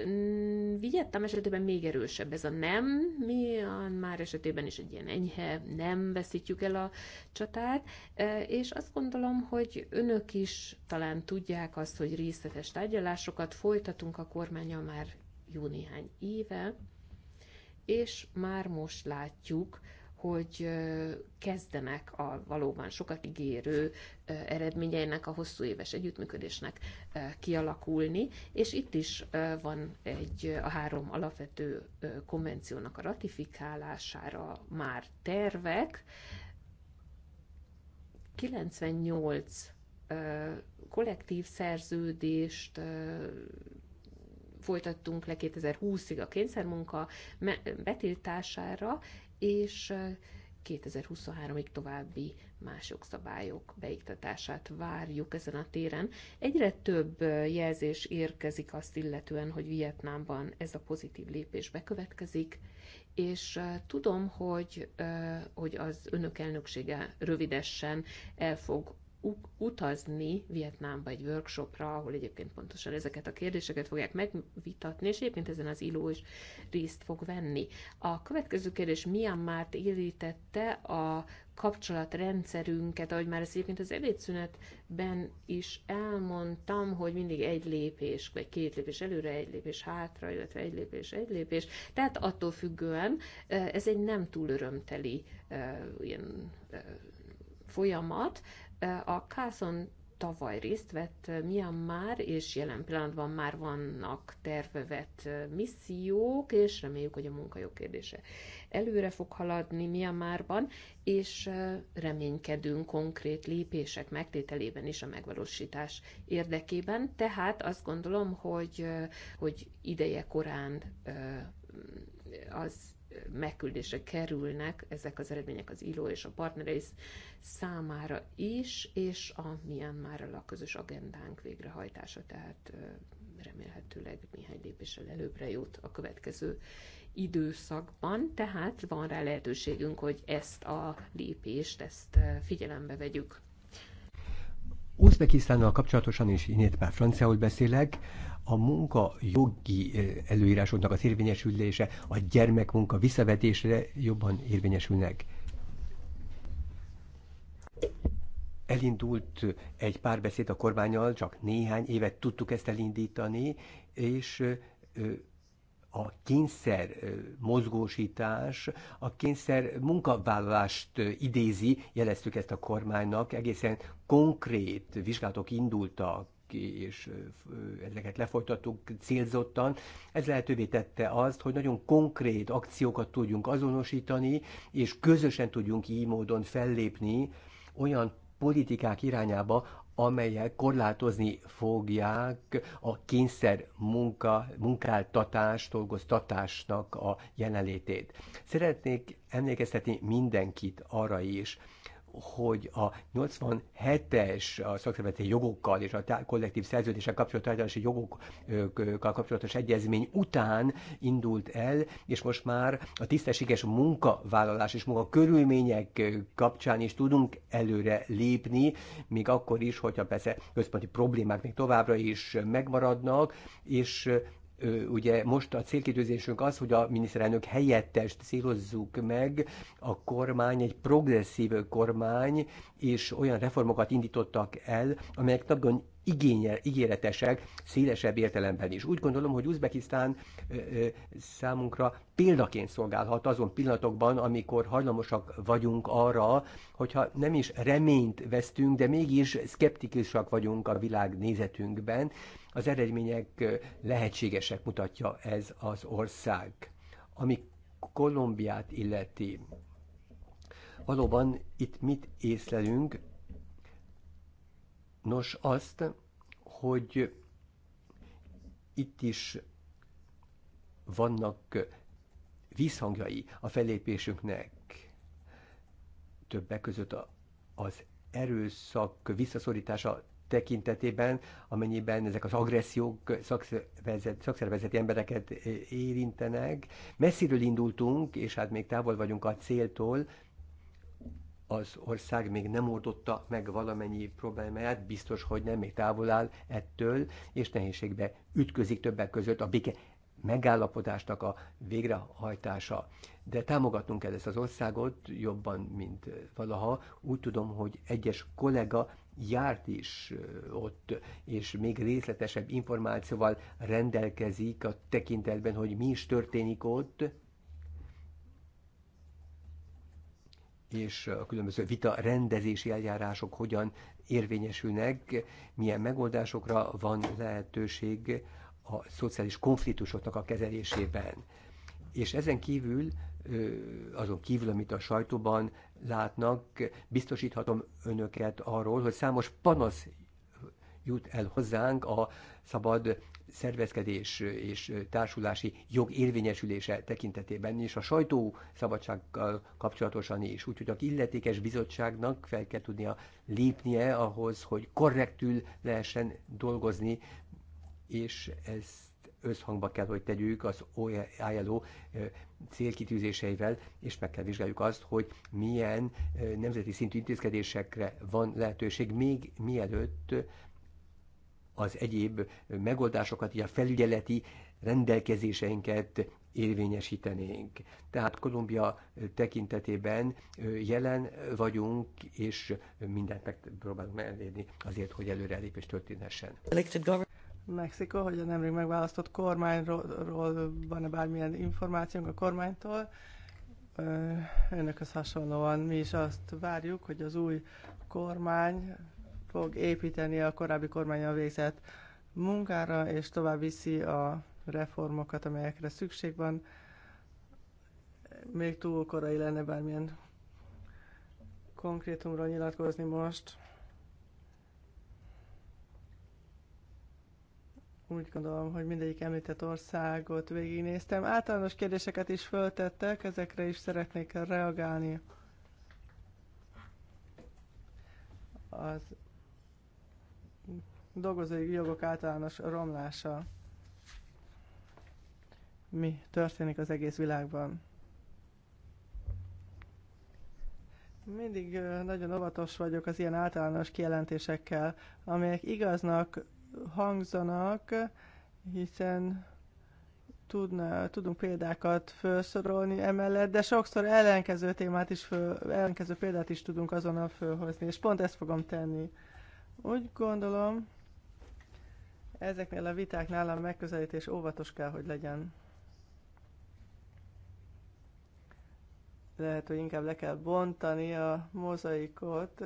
Hm, vigyettem esetében még erősebb ez a nem, mi a már esetében is egy ilyen enyhe nem veszítjük el a csatát, e, és azt gondolom, hogy önök is talán tudják azt, hogy részletes tárgyalásokat folytatunk a kormánya már jó néhány éve, és már most látjuk, hogy kezdenek a valóban sokat ígérő eredményeinek, a hosszú éves együttműködésnek kialakulni, és itt is van egy a három alapvető konvenciónak a ratifikálására már tervek. 98 kollektív szerződést folytattunk le 2020-ig a kényszermunka betiltására, és 2023-ig további mások szabályok beiktatását várjuk ezen a téren. Egyre több jelzés érkezik azt illetően, hogy Vietnámban ez a pozitív lépés bekövetkezik, és tudom, hogy, hogy az önök elnöksége rövidesen el fog utazni Vietnámba egy workshopra, ahol egyébként pontosan ezeket a kérdéseket fogják megvitatni, és egyébként ezen az Iló is részt fog venni. A következő kérdés Myanmart érítette a kapcsolatrendszerünket, ahogy már ezt egyébként az ebédszünetben is elmondtam, hogy mindig egy lépés, vagy két lépés előre, egy lépés hátra, illetve egy lépés, egy lépés. Tehát attól függően ez egy nem túl örömteli ilyen folyamat, a Kászon tavaly részt vett eh, Myanmar, és jelen pillanatban már vannak tervevet eh, missziók, és reméljük, hogy a munkajog kérdése előre fog haladni Myanmarban, és eh, reménykedünk konkrét lépések megtételében is a megvalósítás érdekében. Tehát azt gondolom, hogy, hogy ideje korán az megküldésre kerülnek ezek az eredmények az ILO és a partnerei számára is, és a Myanmarral a közös agendánk végrehajtása, tehát remélhetőleg néhány lépéssel előbbre jut a következő időszakban, tehát van rá lehetőségünk, hogy ezt a lépést, ezt figyelembe vegyük. Uzbekisztánnal kapcsolatosan, én itt már franciául beszélek, a munka jogi előírásoknak az érvényesülése, a gyermekmunka visszavetésre jobban érvényesülnek. Elindult egy párbeszéd a kormányal, csak néhány évet tudtuk ezt elindítani, és a kényszer mozgósítás, a kényszer munkavállalást idézi, jeleztük ezt a kormánynak, egészen konkrét vizsgálatok indultak ki, és ezeket lefolytattuk célzottan. Ez lehetővé tette azt, hogy nagyon konkrét akciókat tudjunk azonosítani, és közösen tudjunk így módon fellépni olyan politikák irányába, amelyek korlátozni fogják a kényszer munka, munkáltatás, dolgoztatásnak a jelenlétét. Szeretnék emlékeztetni mindenkit arra is, hogy a 87-es a szakszervezeti jogokkal és a kollektív szerződések kapcsolatos jogokkal kapcsolatos egyezmény után indult el, és most már a tisztességes munkavállalás és körülmények kapcsán is tudunk előre lépni, még akkor is, hogyha persze központi problémák még továbbra is megmaradnak, és ugye most a célkitűzésünk az, hogy a miniszterelnök helyettest szírozzuk meg, a kormány egy progresszív kormány, és olyan reformokat indítottak el, amelyek nagyon igényel, ígéretesek, szélesebb értelemben is. Úgy gondolom, hogy Uzbekisztán ö, ö, számunkra példaként szolgálhat azon pillanatokban, amikor hajlamosak vagyunk arra, hogyha nem is reményt vesztünk, de mégis szkeptikusak vagyunk a világ nézetünkben, az eredmények lehetségesek mutatja ez az ország. Ami Kolumbiát illeti, valóban itt mit észlelünk? Nos, azt, hogy itt is vannak visszhangjai a fellépésünknek. Többek között az erőszak visszaszorítása tekintetében, amennyiben ezek az agressziók szakszervezet, szakszervezeti embereket eh, érintenek. Messziről indultunk, és hát még távol vagyunk a céltól, az ország még nem oldotta meg valamennyi problémáját, biztos, hogy nem, még távol áll ettől, és nehézségbe ütközik többek között a béke megállapodásnak a végrehajtása. De támogatnunk kell ezt az országot jobban, mint valaha. Úgy tudom, hogy egyes kollega járt is ott, és még részletesebb információval rendelkezik a tekintetben, hogy mi is történik ott, és a különböző vita rendezési eljárások hogyan érvényesülnek, milyen megoldásokra van lehetőség a szociális konfliktusoknak a kezelésében. És ezen kívül, azon kívül, amit a sajtóban látnak, biztosíthatom önöket arról, hogy számos panasz jut el hozzánk a szabad szervezkedés és társulási jog érvényesülése tekintetében és a sajtó szabadsággal kapcsolatosan is. Úgyhogy a illetékes bizottságnak fel kell tudnia lépnie ahhoz, hogy korrektül lehessen dolgozni és ezt összhangba kell, hogy tegyük az ILO célkitűzéseivel, és meg kell vizsgáljuk azt, hogy milyen nemzeti szintű intézkedésekre van lehetőség, még mielőtt az egyéb megoldásokat, így a felügyeleti rendelkezéseinket érvényesítenénk. Tehát Kolumbia tekintetében jelen vagyunk, és mindent megpróbálunk elérni azért, hogy előrelépés történhessen. Mexikó, hogy a nemrég megválasztott kormányról van-e bármilyen információnk a kormánytól. Önökhöz hasonlóan mi is azt várjuk, hogy az új kormány fog építeni a korábbi a végzett munkára, és tovább viszi a reformokat, amelyekre szükség van. Még túl korai lenne bármilyen konkrétumra nyilatkozni most. úgy gondolom, hogy mindegyik említett országot végignéztem. Általános kérdéseket is föltettek, ezekre is szeretnék reagálni. Az dolgozói jogok általános romlása. Mi történik az egész világban? Mindig nagyon óvatos vagyok az ilyen általános kijelentésekkel, amelyek igaznak hangzanak, hiszen tudna, tudunk példákat felsorolni emellett, de sokszor ellenkező témát is, föl, ellenkező példát is tudunk azonnal fölhozni, és pont ezt fogom tenni. Úgy gondolom, ezeknél a vitáknál a megközelítés óvatos kell, hogy legyen. Lehet, hogy inkább le kell bontani a mozaikot,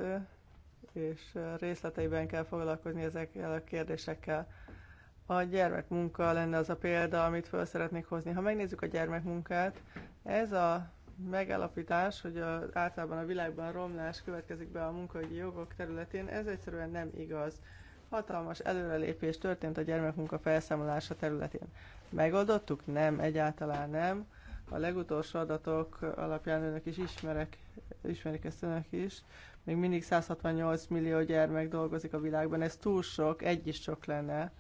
és részleteiben kell foglalkozni ezekkel a kérdésekkel. A gyermekmunka lenne az a példa, amit föl szeretnék hozni. Ha megnézzük a gyermekmunkát, ez a megállapítás, hogy az általában a világban a romlás következik be a munkahogyi jogok területén, ez egyszerűen nem igaz. Hatalmas előrelépés történt a gyermekmunka felszámolása területén. Megoldottuk? Nem, egyáltalán nem. A legutolsó adatok alapján önök is ismerek, ismerik ezt önök is. Még mindig 168 millió gyermek dolgozik a világban, ez túl sok, egy is sok lenne,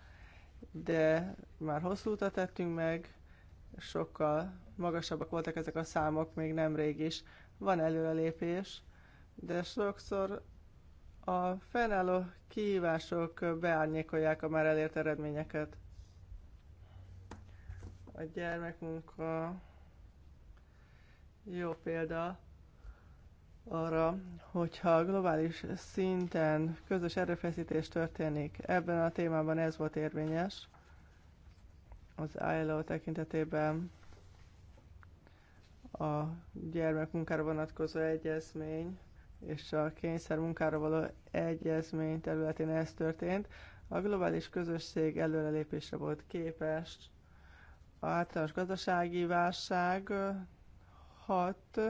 de már hosszú utat tettünk meg, sokkal magasabbak voltak ezek a számok még nemrég is. Van előrelépés, de sokszor a fennálló kihívások beárnyékolják a már elért eredményeket. A gyermekmunka jó példa arra, hogyha globális szinten közös erőfeszítés történik, ebben a témában ez volt érvényes, az ILO tekintetében a gyermekmunkára vonatkozó egyezmény és a kényszer munkára való egyezmény területén ez történt. A globális közösség előrelépésre volt képes. A általános gazdasági válság hat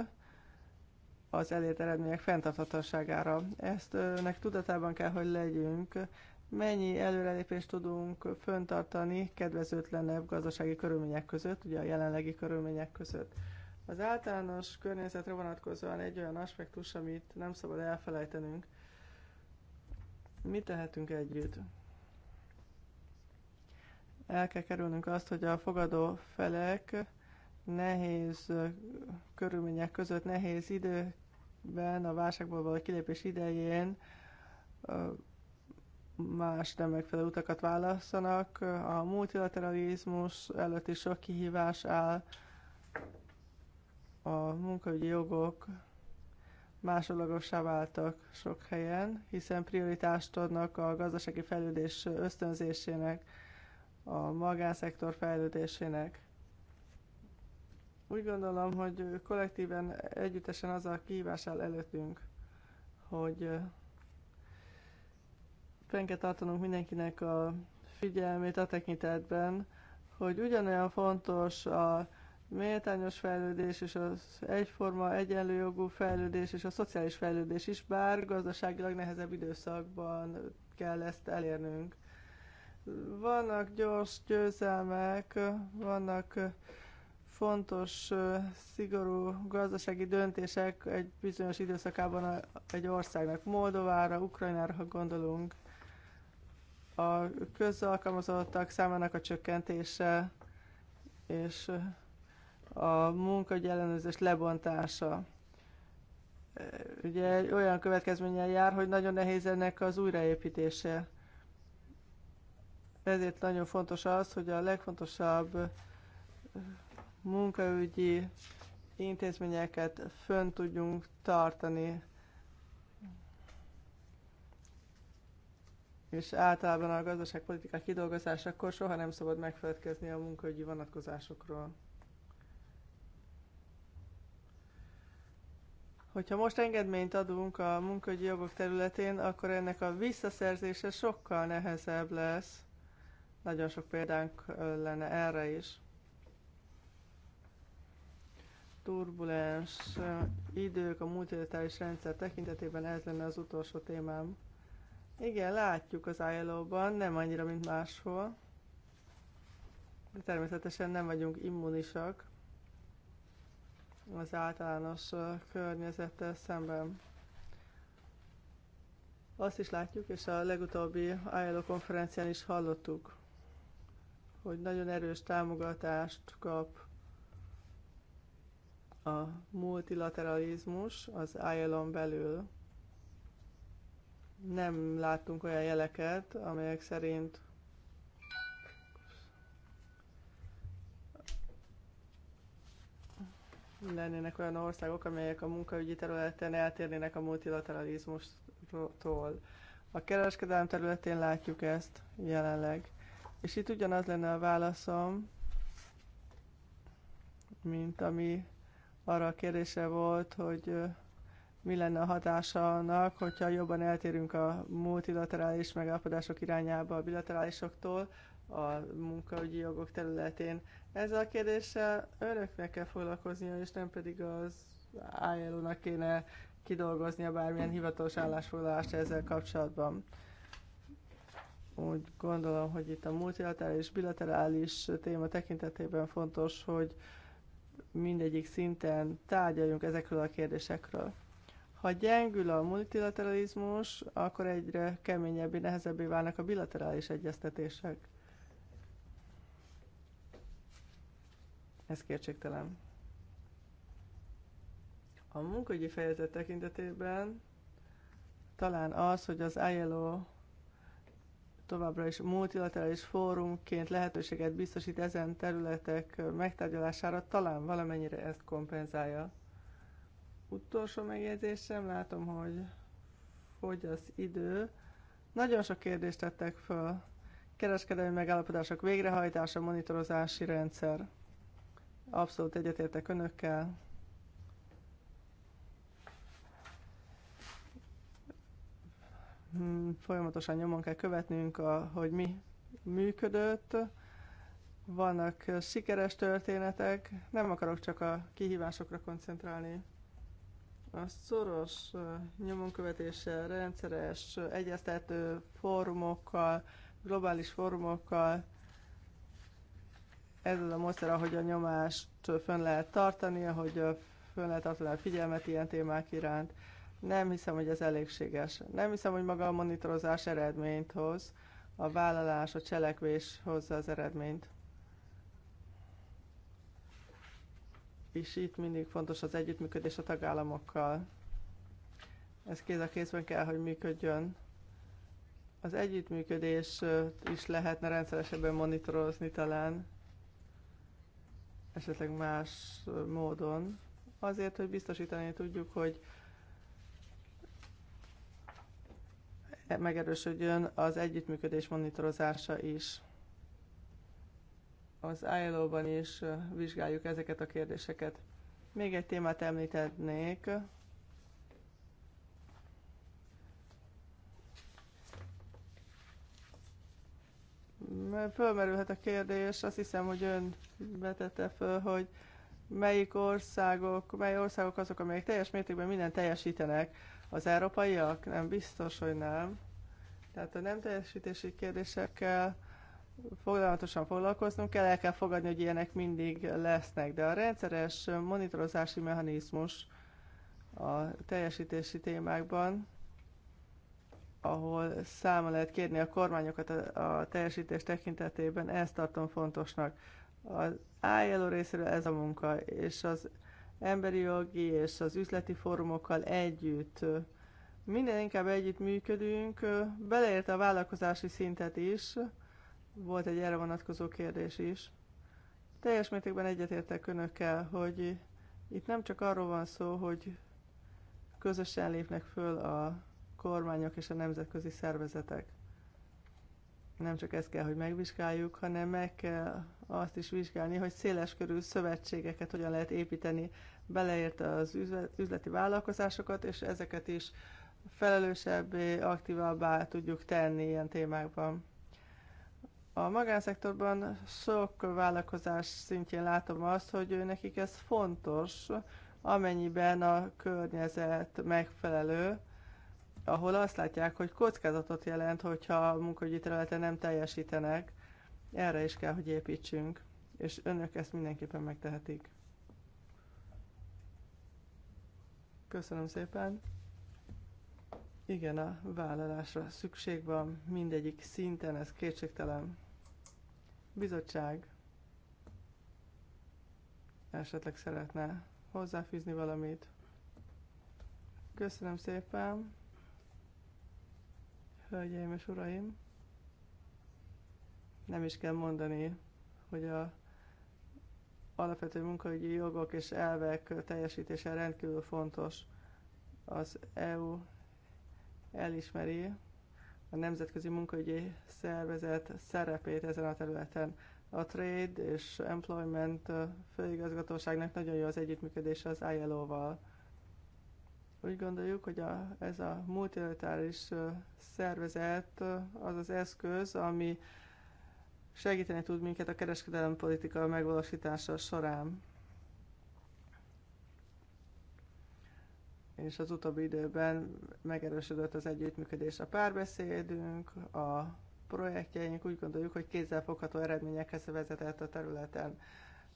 az elért eredmények fenntarthatóságára. Ezt nek tudatában kell, hogy legyünk. Mennyi előrelépést tudunk föntartani kedvezőtlenebb gazdasági körülmények között, ugye a jelenlegi körülmények között. Az általános környezetre vonatkozóan egy olyan aspektus, amit nem szabad elfelejtenünk. Mit tehetünk együtt? El kell kerülnünk azt, hogy a fogadó felek nehéz körülmények között, nehéz időben, a válságból való kilépés idején más nem megfelelő utakat válaszanak. A multilateralizmus előtt is sok kihívás áll, a munkaügyi jogok másodlagossá váltak sok helyen, hiszen prioritást adnak a gazdasági fejlődés ösztönzésének, a magánszektor fejlődésének. Úgy gondolom, hogy kollektíven, együttesen az a kihívás áll előttünk, hogy fenn kell tartanunk mindenkinek a figyelmét a tekintetben, hogy ugyanolyan fontos a méltányos fejlődés és az egyforma egyenlőjogú fejlődés és a szociális fejlődés is, bár gazdaságilag nehezebb időszakban kell ezt elérnünk. Vannak gyors győzelmek, vannak fontos, szigorú gazdasági döntések egy bizonyos időszakában egy országnak, Moldovára, Ukrajnára, ha gondolunk, a közalkalmazottak számának a csökkentése és a munkaügyi lebontása. Ugye olyan következménnyel jár, hogy nagyon nehéz ennek az újraépítése. Ezért nagyon fontos az, hogy a legfontosabb munkaügyi intézményeket fönn tudjunk tartani. És általában a gazdaságpolitikák kidolgozásakor soha nem szabad megfelelkezni a munkaügyi vonatkozásokról. Hogyha most engedményt adunk a munkaügyi jogok területén, akkor ennek a visszaszerzése sokkal nehezebb lesz. Nagyon sok példánk lenne erre is turbulens eh, idők a multilaterális rendszer tekintetében ez lenne az utolsó témám. Igen, látjuk az ILO-ban, nem annyira, mint máshol. De természetesen nem vagyunk immunisak az általános eh, környezettel szemben. Azt is látjuk, és a legutóbbi ILO konferencián is hallottuk, hogy nagyon erős támogatást kap a multilateralizmus az ilo belül. Nem láttunk olyan jeleket, amelyek szerint lennének olyan országok, amelyek a munkaügyi területen eltérnének a multilateralizmustól. A kereskedelem területén látjuk ezt jelenleg. És itt ugyanaz lenne a válaszom, mint ami arra a kérdése volt, hogy mi lenne a hatása annak, hogyha jobban eltérünk a multilaterális megállapodások irányába a bilaterálisoktól a munkaügyi jogok területén. Ezzel a kérdéssel önöknek kell foglalkoznia, és nem pedig az ILO-nak kéne kidolgoznia bármilyen hivatalos állásfoglalást ezzel kapcsolatban. Úgy gondolom, hogy itt a multilaterális, bilaterális téma tekintetében fontos, hogy mindegyik szinten tárgyaljunk ezekről a kérdésekről. Ha gyengül a multilateralizmus, akkor egyre keményebbé, nehezebbé válnak a bilaterális egyeztetések. Ez kétségtelen. A munkügyi fejezet tekintetében talán az, hogy az ILO továbbra is multilaterális fórumként lehetőséget biztosít ezen területek megtárgyalására, talán valamennyire ezt kompenzálja. Utolsó megjegyzésem, látom, hogy fogy az idő. Nagyon sok kérdést tettek fel. Kereskedelmi megállapodások végrehajtása, monitorozási rendszer. Abszolút egyetértek önökkel Hmm, folyamatosan nyomon kell követnünk, a, hogy mi működött. Vannak sikeres történetek, nem akarok csak a kihívásokra koncentrálni. A szoros nyomonkövetéssel, rendszeres, egyeztető fórumokkal, globális fórumokkal, ez az a módszer, ahogy a nyomást fönn lehet tartani, ahogy fönn lehet tartani a figyelmet ilyen témák iránt. Nem hiszem, hogy ez elégséges. Nem hiszem, hogy maga a monitorozás eredményt hoz, a vállalás, a cselekvés hozza az eredményt. És itt mindig fontos az együttműködés a tagállamokkal. Ez kéz a kézben kell, hogy működjön. Az együttműködés is lehetne rendszeresebben monitorozni talán, esetleg más módon, azért, hogy biztosítani tudjuk, hogy megerősödjön az együttműködés monitorozása is. Az ILO-ban is vizsgáljuk ezeket a kérdéseket. Még egy témát említenék. Fölmerülhet a kérdés, azt hiszem, hogy ön vetette föl, hogy melyik országok, mely országok azok, amelyek teljes mértékben minden teljesítenek az európaiak? Nem biztos, hogy nem. Tehát a nem teljesítési kérdésekkel foglalatosan foglalkoznunk kell, el kell fogadni, hogy ilyenek mindig lesznek, de a rendszeres monitorozási mechanizmus a teljesítési témákban, ahol száma lehet kérni a kormányokat a, a teljesítés tekintetében, ezt tartom fontosnak. Az ILO részéről ez a munka, és az emberi jogi és az üzleti fórumokkal együtt minél inkább együtt működünk, Beleért a vállalkozási szintet is, volt egy erre vonatkozó kérdés is. Teljes mértékben egyetértek önökkel, hogy itt nem csak arról van szó, hogy közösen lépnek föl a kormányok és a nemzetközi szervezetek nem csak ezt kell, hogy megvizsgáljuk, hanem meg kell azt is vizsgálni, hogy széleskörű szövetségeket hogyan lehet építeni, Beleért az üzleti vállalkozásokat, és ezeket is felelősebbé, aktívabbá tudjuk tenni ilyen témákban. A magánszektorban sok vállalkozás szintjén látom azt, hogy nekik ez fontos, amennyiben a környezet megfelelő, ahol azt látják, hogy kockázatot jelent, hogyha a munkahogyi területen nem teljesítenek, erre is kell, hogy építsünk, és önök ezt mindenképpen megtehetik. Köszönöm szépen! Igen, a vállalásra szükség van, mindegyik szinten, ez kétségtelen. Bizottság esetleg szeretne hozzáfűzni valamit. Köszönöm szépen! hölgyeim és uraim! Nem is kell mondani, hogy a alapvető munkaügyi jogok és elvek teljesítése rendkívül fontos. Az EU elismeri a Nemzetközi Munkaügyi Szervezet szerepét ezen a területen. A Trade és Employment főigazgatóságnak nagyon jó az együttműködés az ILO-val úgy gondoljuk, hogy a, ez a multilaterális szervezet az az eszköz, ami segíteni tud minket a kereskedelmi politika megvalósítása során. És az utóbbi időben megerősödött az együttműködés a párbeszédünk, a projektjeink úgy gondoljuk, hogy kézzelfogható eredményekhez vezetett a területen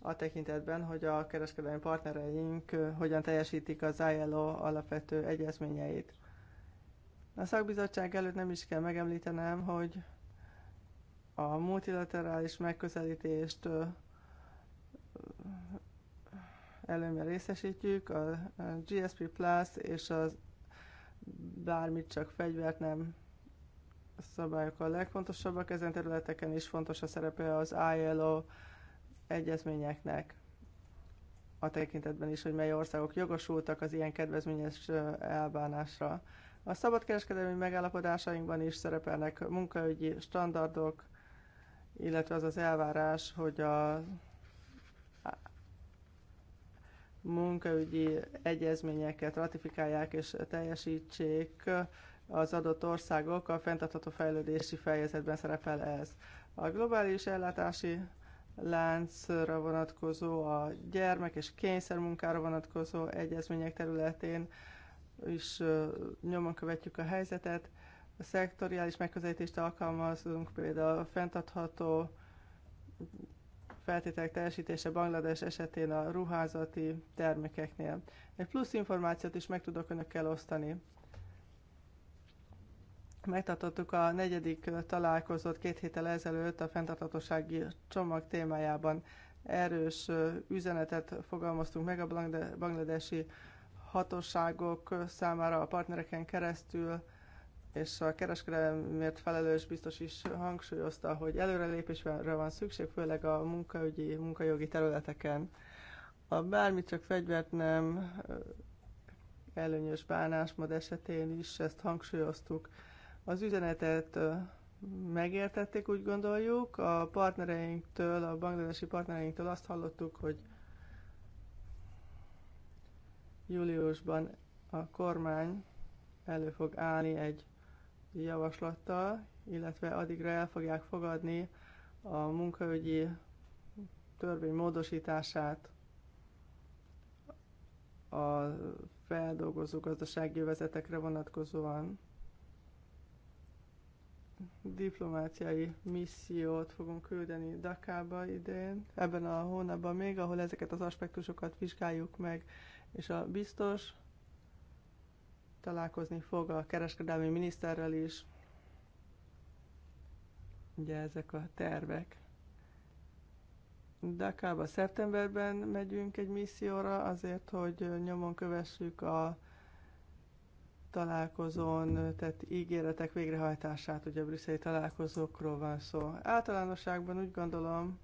a tekintetben, hogy a kereskedelmi partnereink hogyan teljesítik az ILO alapvető egyezményeit. A szakbizottság előtt nem is kell megemlítenem, hogy a multilaterális megközelítést előnyben részesítjük, a GSP Plus és az bármit csak fegyvert nem szabályok a legfontosabbak. Ezen területeken is fontos a szerepe az ILO egyezményeknek a tekintetben is, hogy mely országok jogosultak az ilyen kedvezményes elbánásra. A szabadkereskedelmi megállapodásainkban is szerepelnek munkaügyi standardok, illetve az az elvárás, hogy a munkaügyi egyezményeket ratifikálják és teljesítsék az adott országok, a fenntartható fejlődési fejezetben szerepel ez. A globális ellátási láncra vonatkozó, a gyermek és kényszermunkára vonatkozó egyezmények területén is nyomon követjük a helyzetet. A szektoriális megközelítést alkalmazunk, például a fenntartható feltételek teljesítése Banglades esetén a ruházati termékeknél. Egy plusz információt is meg tudok önökkel osztani. Megtartottuk a negyedik találkozót két héttel ezelőtt a fenntarthatósági csomag témájában. Erős üzenetet fogalmaztunk meg a bangladesi hatóságok számára a partnereken keresztül, és a kereskedelemért felelős biztos is hangsúlyozta, hogy előrelépésre van szükség, főleg a munkaügyi, munkajogi területeken. A bármit csak fegyvert nem előnyös bánásmód esetén is ezt hangsúlyoztuk. Az üzenetet megértették, úgy gondoljuk. A partnereinktől, a bangladesi partnereinktől azt hallottuk, hogy júliusban a kormány elő fog állni egy javaslattal, illetve addigra el fogják fogadni a munkaügyi törvény módosítását a feldolgozó gazdasági vezetekre vonatkozóan diplomáciai missziót fogunk küldeni Dakába idén, ebben a hónapban még, ahol ezeket az aspektusokat vizsgáljuk meg, és a biztos találkozni fog a kereskedelmi miniszterrel is. Ugye ezek a tervek. Dakába szeptemberben megyünk egy misszióra azért, hogy nyomon kövessük a találkozón tett ígéretek végrehajtását, ugye a brüsszeli találkozókról van szó. Általánosságban úgy gondolom,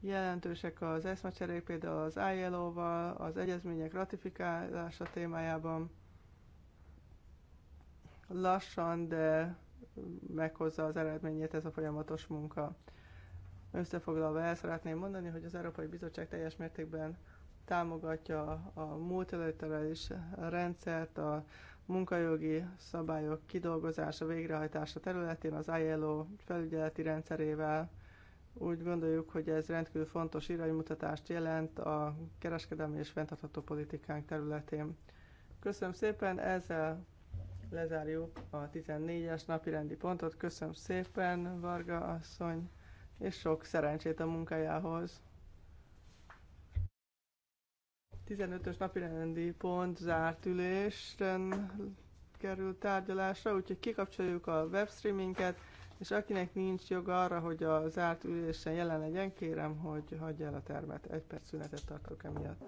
jelentősek az eszmecserék, például az ILO-val, az egyezmények ratifikálása témájában. Lassan, de meghozza az eredményét ez a folyamatos munka. Összefoglalva el szeretném mondani, hogy az Európai Bizottság teljes mértékben támogatja a multilaterális rendszert, a munkajogi szabályok kidolgozása, végrehajtása területén az ILO felügyeleti rendszerével. Úgy gondoljuk, hogy ez rendkívül fontos iránymutatást jelent a kereskedelmi és fenntartható politikánk területén. Köszönöm szépen, ezzel lezárjuk a 14-es rendi pontot. Köszönöm szépen, Varga asszony! és sok szerencsét a munkájához. 15-ös napirendi pont zárt ülésen kerül tárgyalásra, úgyhogy kikapcsoljuk a webstreaminket, és akinek nincs joga arra, hogy a zárt ülésen jelen legyen, kérem, hogy hagyja el a termet. Egy perc szünetet tartok emiatt.